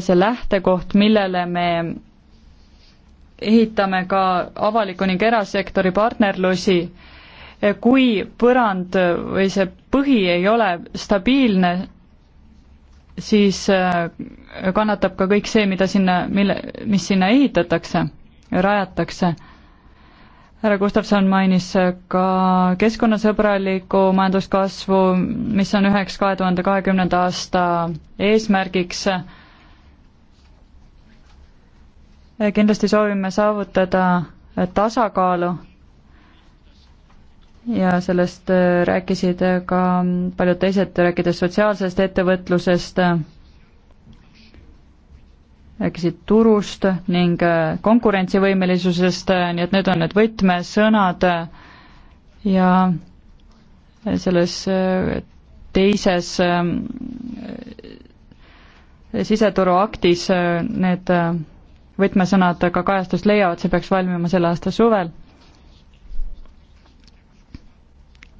see lähtekoht, millele me ehitame ka avaliku ning erasektori partnerlusi kui põrand või see põhi ei ole stabiilne, siis äh, kannatab ka kõik see, mida sinna, mille, mis sinna ehitatakse, rajatakse. härra Gustavson mainis ka keskkonnasõbralikku majanduskasvu, mis on üheks kahe tuhande kahekümnenda aasta eesmärgiks kindlasti soovime saavutada tasakaalu ja sellest äh, rääkisid ka paljud teised, rääkides sotsiaalsest ettevõtlusest, rääkisid turust ning äh, konkurentsivõimelisusest, äh, nii et need on need võtmesõnad ja selles teises siseturu aktis need võtmesõnad ka kajastust leiavad, see peaks valmima selle aasta suvel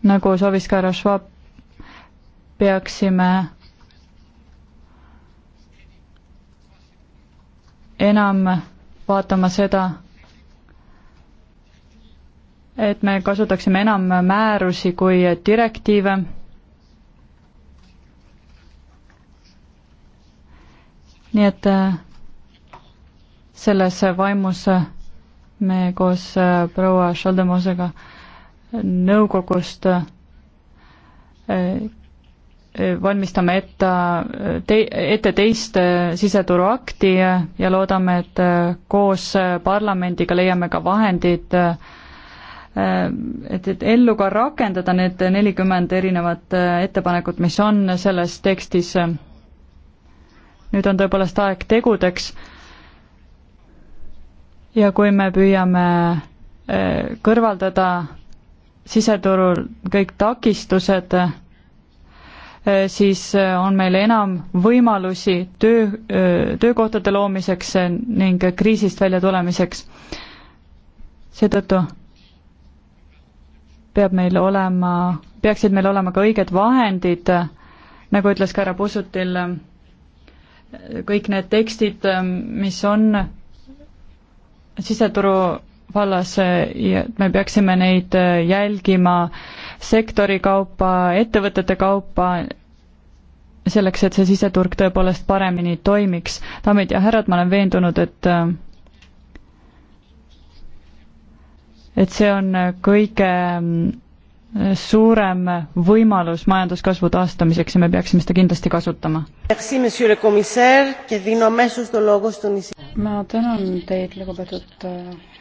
nagu soovis ka härra Schwab, peaksime enam vaatama seda, et me kasutaksime enam määrusi kui direktiive. nii et selles vaimus me koos äh, proua Schaldemosega äh, nõukogust äh, äh, valmistame ette, äh, ette teist siseturuakti ja loodame, et koos parlamendiga leiame ka vahendid, et, et ellu ka rakendada need nelikümmend erinevat ettepanekut, mis on selles tekstis. nüüd on tõepoolest aeg tegudeks. ja kui me püüame kõrvaldada siseturul kõik takistused, eh, siis eh, on meil enam võimalusi töö, eh, töökohtade loomiseks ning kriisist välja tulemiseks. seetõttu peab meil olema, peaksid meil olema ka õiged vahendid, nagu ütles ka härra Pusutil, kõik need tekstid, mis on siseturu vallas ja me peaksime neid äh, jälgima sektori kaupa, ettevõtete kaupa, selleks, et see siseturg tõepoolest paremini toimiks. daamid ja härrad, ma olen veendunud, et äh, et see on äh, kõige mm, suurem võimalus majanduskasvu taastamiseks ja me peaksime seda kindlasti kasutama. ma tänan teid, lugupeetud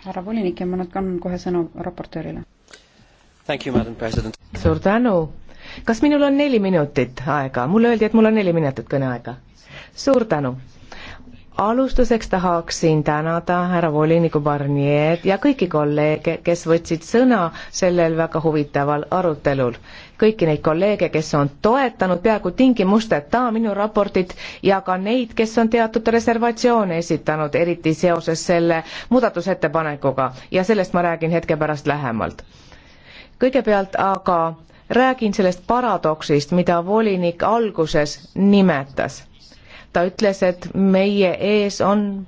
härra volinik ja ma nüüd kannan kohe sõnu raportöörile. suur tänu. kas minul on neli minutit aega? mulle öeldi, et mul on neli minutit kõneaega. suur tänu alustuseks tahaksin tänada härra voliniku Barnier ja kõiki kolleege, kes võtsid sõna sellel väga huvitaval arutelul kõiki neid kolleege, kes on toetanud peaaegu tingimusteta minu raportit ja ka neid, kes on teatud reservatsioone esitanud, eriti seoses selle muudatusettepanekuga ja sellest ma räägin hetke pärast lähemalt. kõigepealt aga räägin sellest paradoksist, mida volinik alguses nimetas. ta ütles, et meie ees on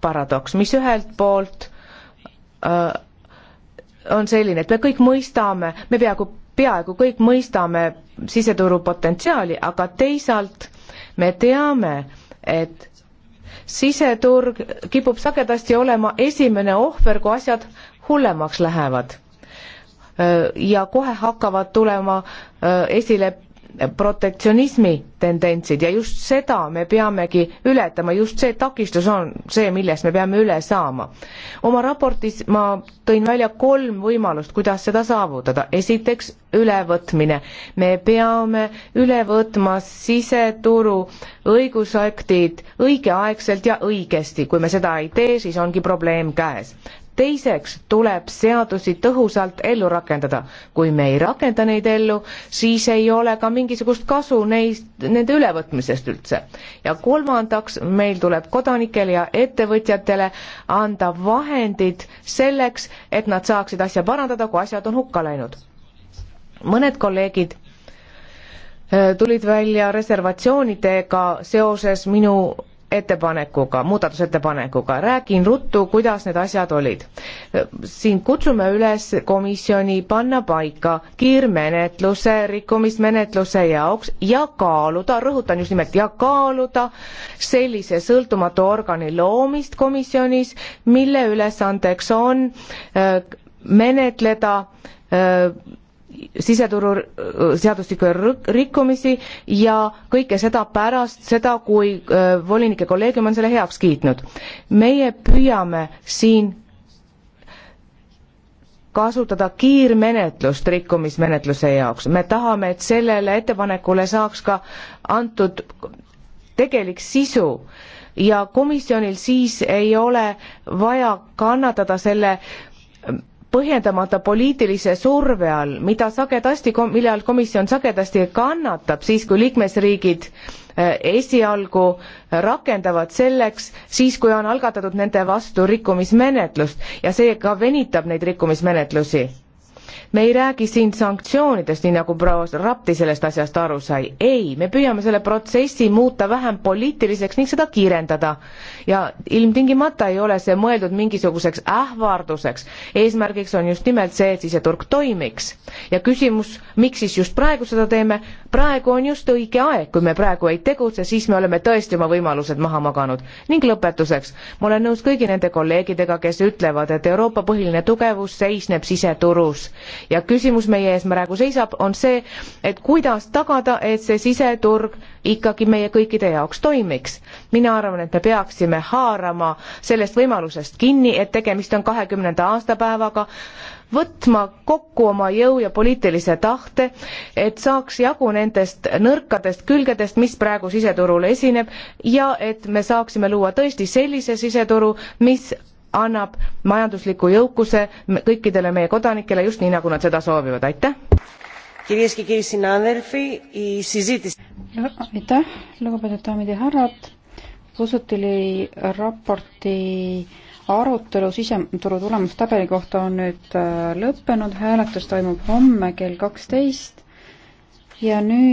paradoks, mis ühelt poolt öö, äh, on selline, et me kõik mõistame, me peaaegu peaaegu kõik mõistame siseturu potentsiaali, aga teisalt me teame, et siseturg kipub sagedasti olema esimene ohver, kui asjad hullemaks lähevad. ja kohe hakkavad tulema esile protektsionismi tendentsid ja just seda me peamegi ületama, just see takistus on see, millest me peame üle saama. oma raportis ma tõin välja kolm võimalust, kuidas seda saavutada. esiteks ülevõtmine. me peame üle võtma siseturu õigusaktid õigeaegselt ja õigesti. kui me seda ei tee, siis ongi probleem käes teiseks tuleb seadusi tõhusalt ellu rakendada. kui me ei rakenda neid ellu, siis ei ole ka mingisugust kasu neist, nende ülevõtmisest üldse. ja kolmandaks, meil tuleb kodanikele ja ettevõtjatele anda vahendid selleks, et nad saaksid asja parandada, kui asjad on hukka läinud. mõned kolleegid äh, tulid välja reservatsioonidega seoses minu ettepanekuga, muudatusettepanekuga, räägin ruttu, kuidas need asjad olid. siin kutsume üles komisjoni panna paika kiirmenetluse, rikkumismenetluse jaoks ja kaaluda, rõhutan just nimelt, ja kaaluda sellise sõltumatu organi loomist komisjonis, mille ülesandeks on äh, menetleda öö, äh, siseturu äh, seadustiku rikkumisi ja kõike seda pärast seda, kui äh, volinike kolleegium on selle heaks kiitnud. meie püüame siin kasutada kiirmenetlust rikkumismenetluse jaoks. me tahame, et sellele ettepanekule saaks ka antud tegelik sisu ja komisjonil siis ei ole vaja kannatada selle põhjendamata poliitilise surve all, mida sagedasti, mille all komisjon sagedasti kannatab, siis kui liikmesriigid eh, esialgu eh, rakendavad selleks, siis kui on algatatud nende vastu rikkumismenetlust ja see ka venitab neid rikkumismenetlusi me ei räägi siin sanktsioonidest, nii nagu proua Rapti sellest asjast aru sai. ei, me püüame selle protsessi muuta vähem poliitiliseks ning seda kiirendada. ja ilmtingimata ei ole see mõeldud mingisuguseks ähvarduseks. eesmärgiks on just nimelt see, et siseturg toimiks. ja küsimus, miks siis just praegu seda teeme, praegu on just õige aeg, kui me praegu ei tegutse, siis me oleme tõesti oma võimalused maha maganud. ning lõpetuseks, ma olen nõus kõigi nende kolleegidega, kes ütlevad, et Euroopa põhiline tugevus seisneb siseturus ja küsimus meie ees praegu seisab, on see, et kuidas tagada, et see siseturg ikkagi meie kõikide jaoks toimiks. mina arvan, et me peaksime haarama sellest võimalusest kinni, et tegemist on kahekümnenda aastapäevaga, võtma kokku oma jõu ja poliitilise tahte, et saaks jagu nendest nõrkadest külgedest, mis praegu siseturul esineb ja et me saaksime luua tõesti sellise siseturu, mis annab majandusliku jõukuse kõikidele meie kodanikele just nii, nagu nad seda soovivad, aitäh! aitäh, lugupeetud daamid ja härrad, Pusutili raporti arutelu siseturu tulemustabeli kohta on nüüd äh, lõppenud, hääletus toimub homme kell kaksteist ja nüüd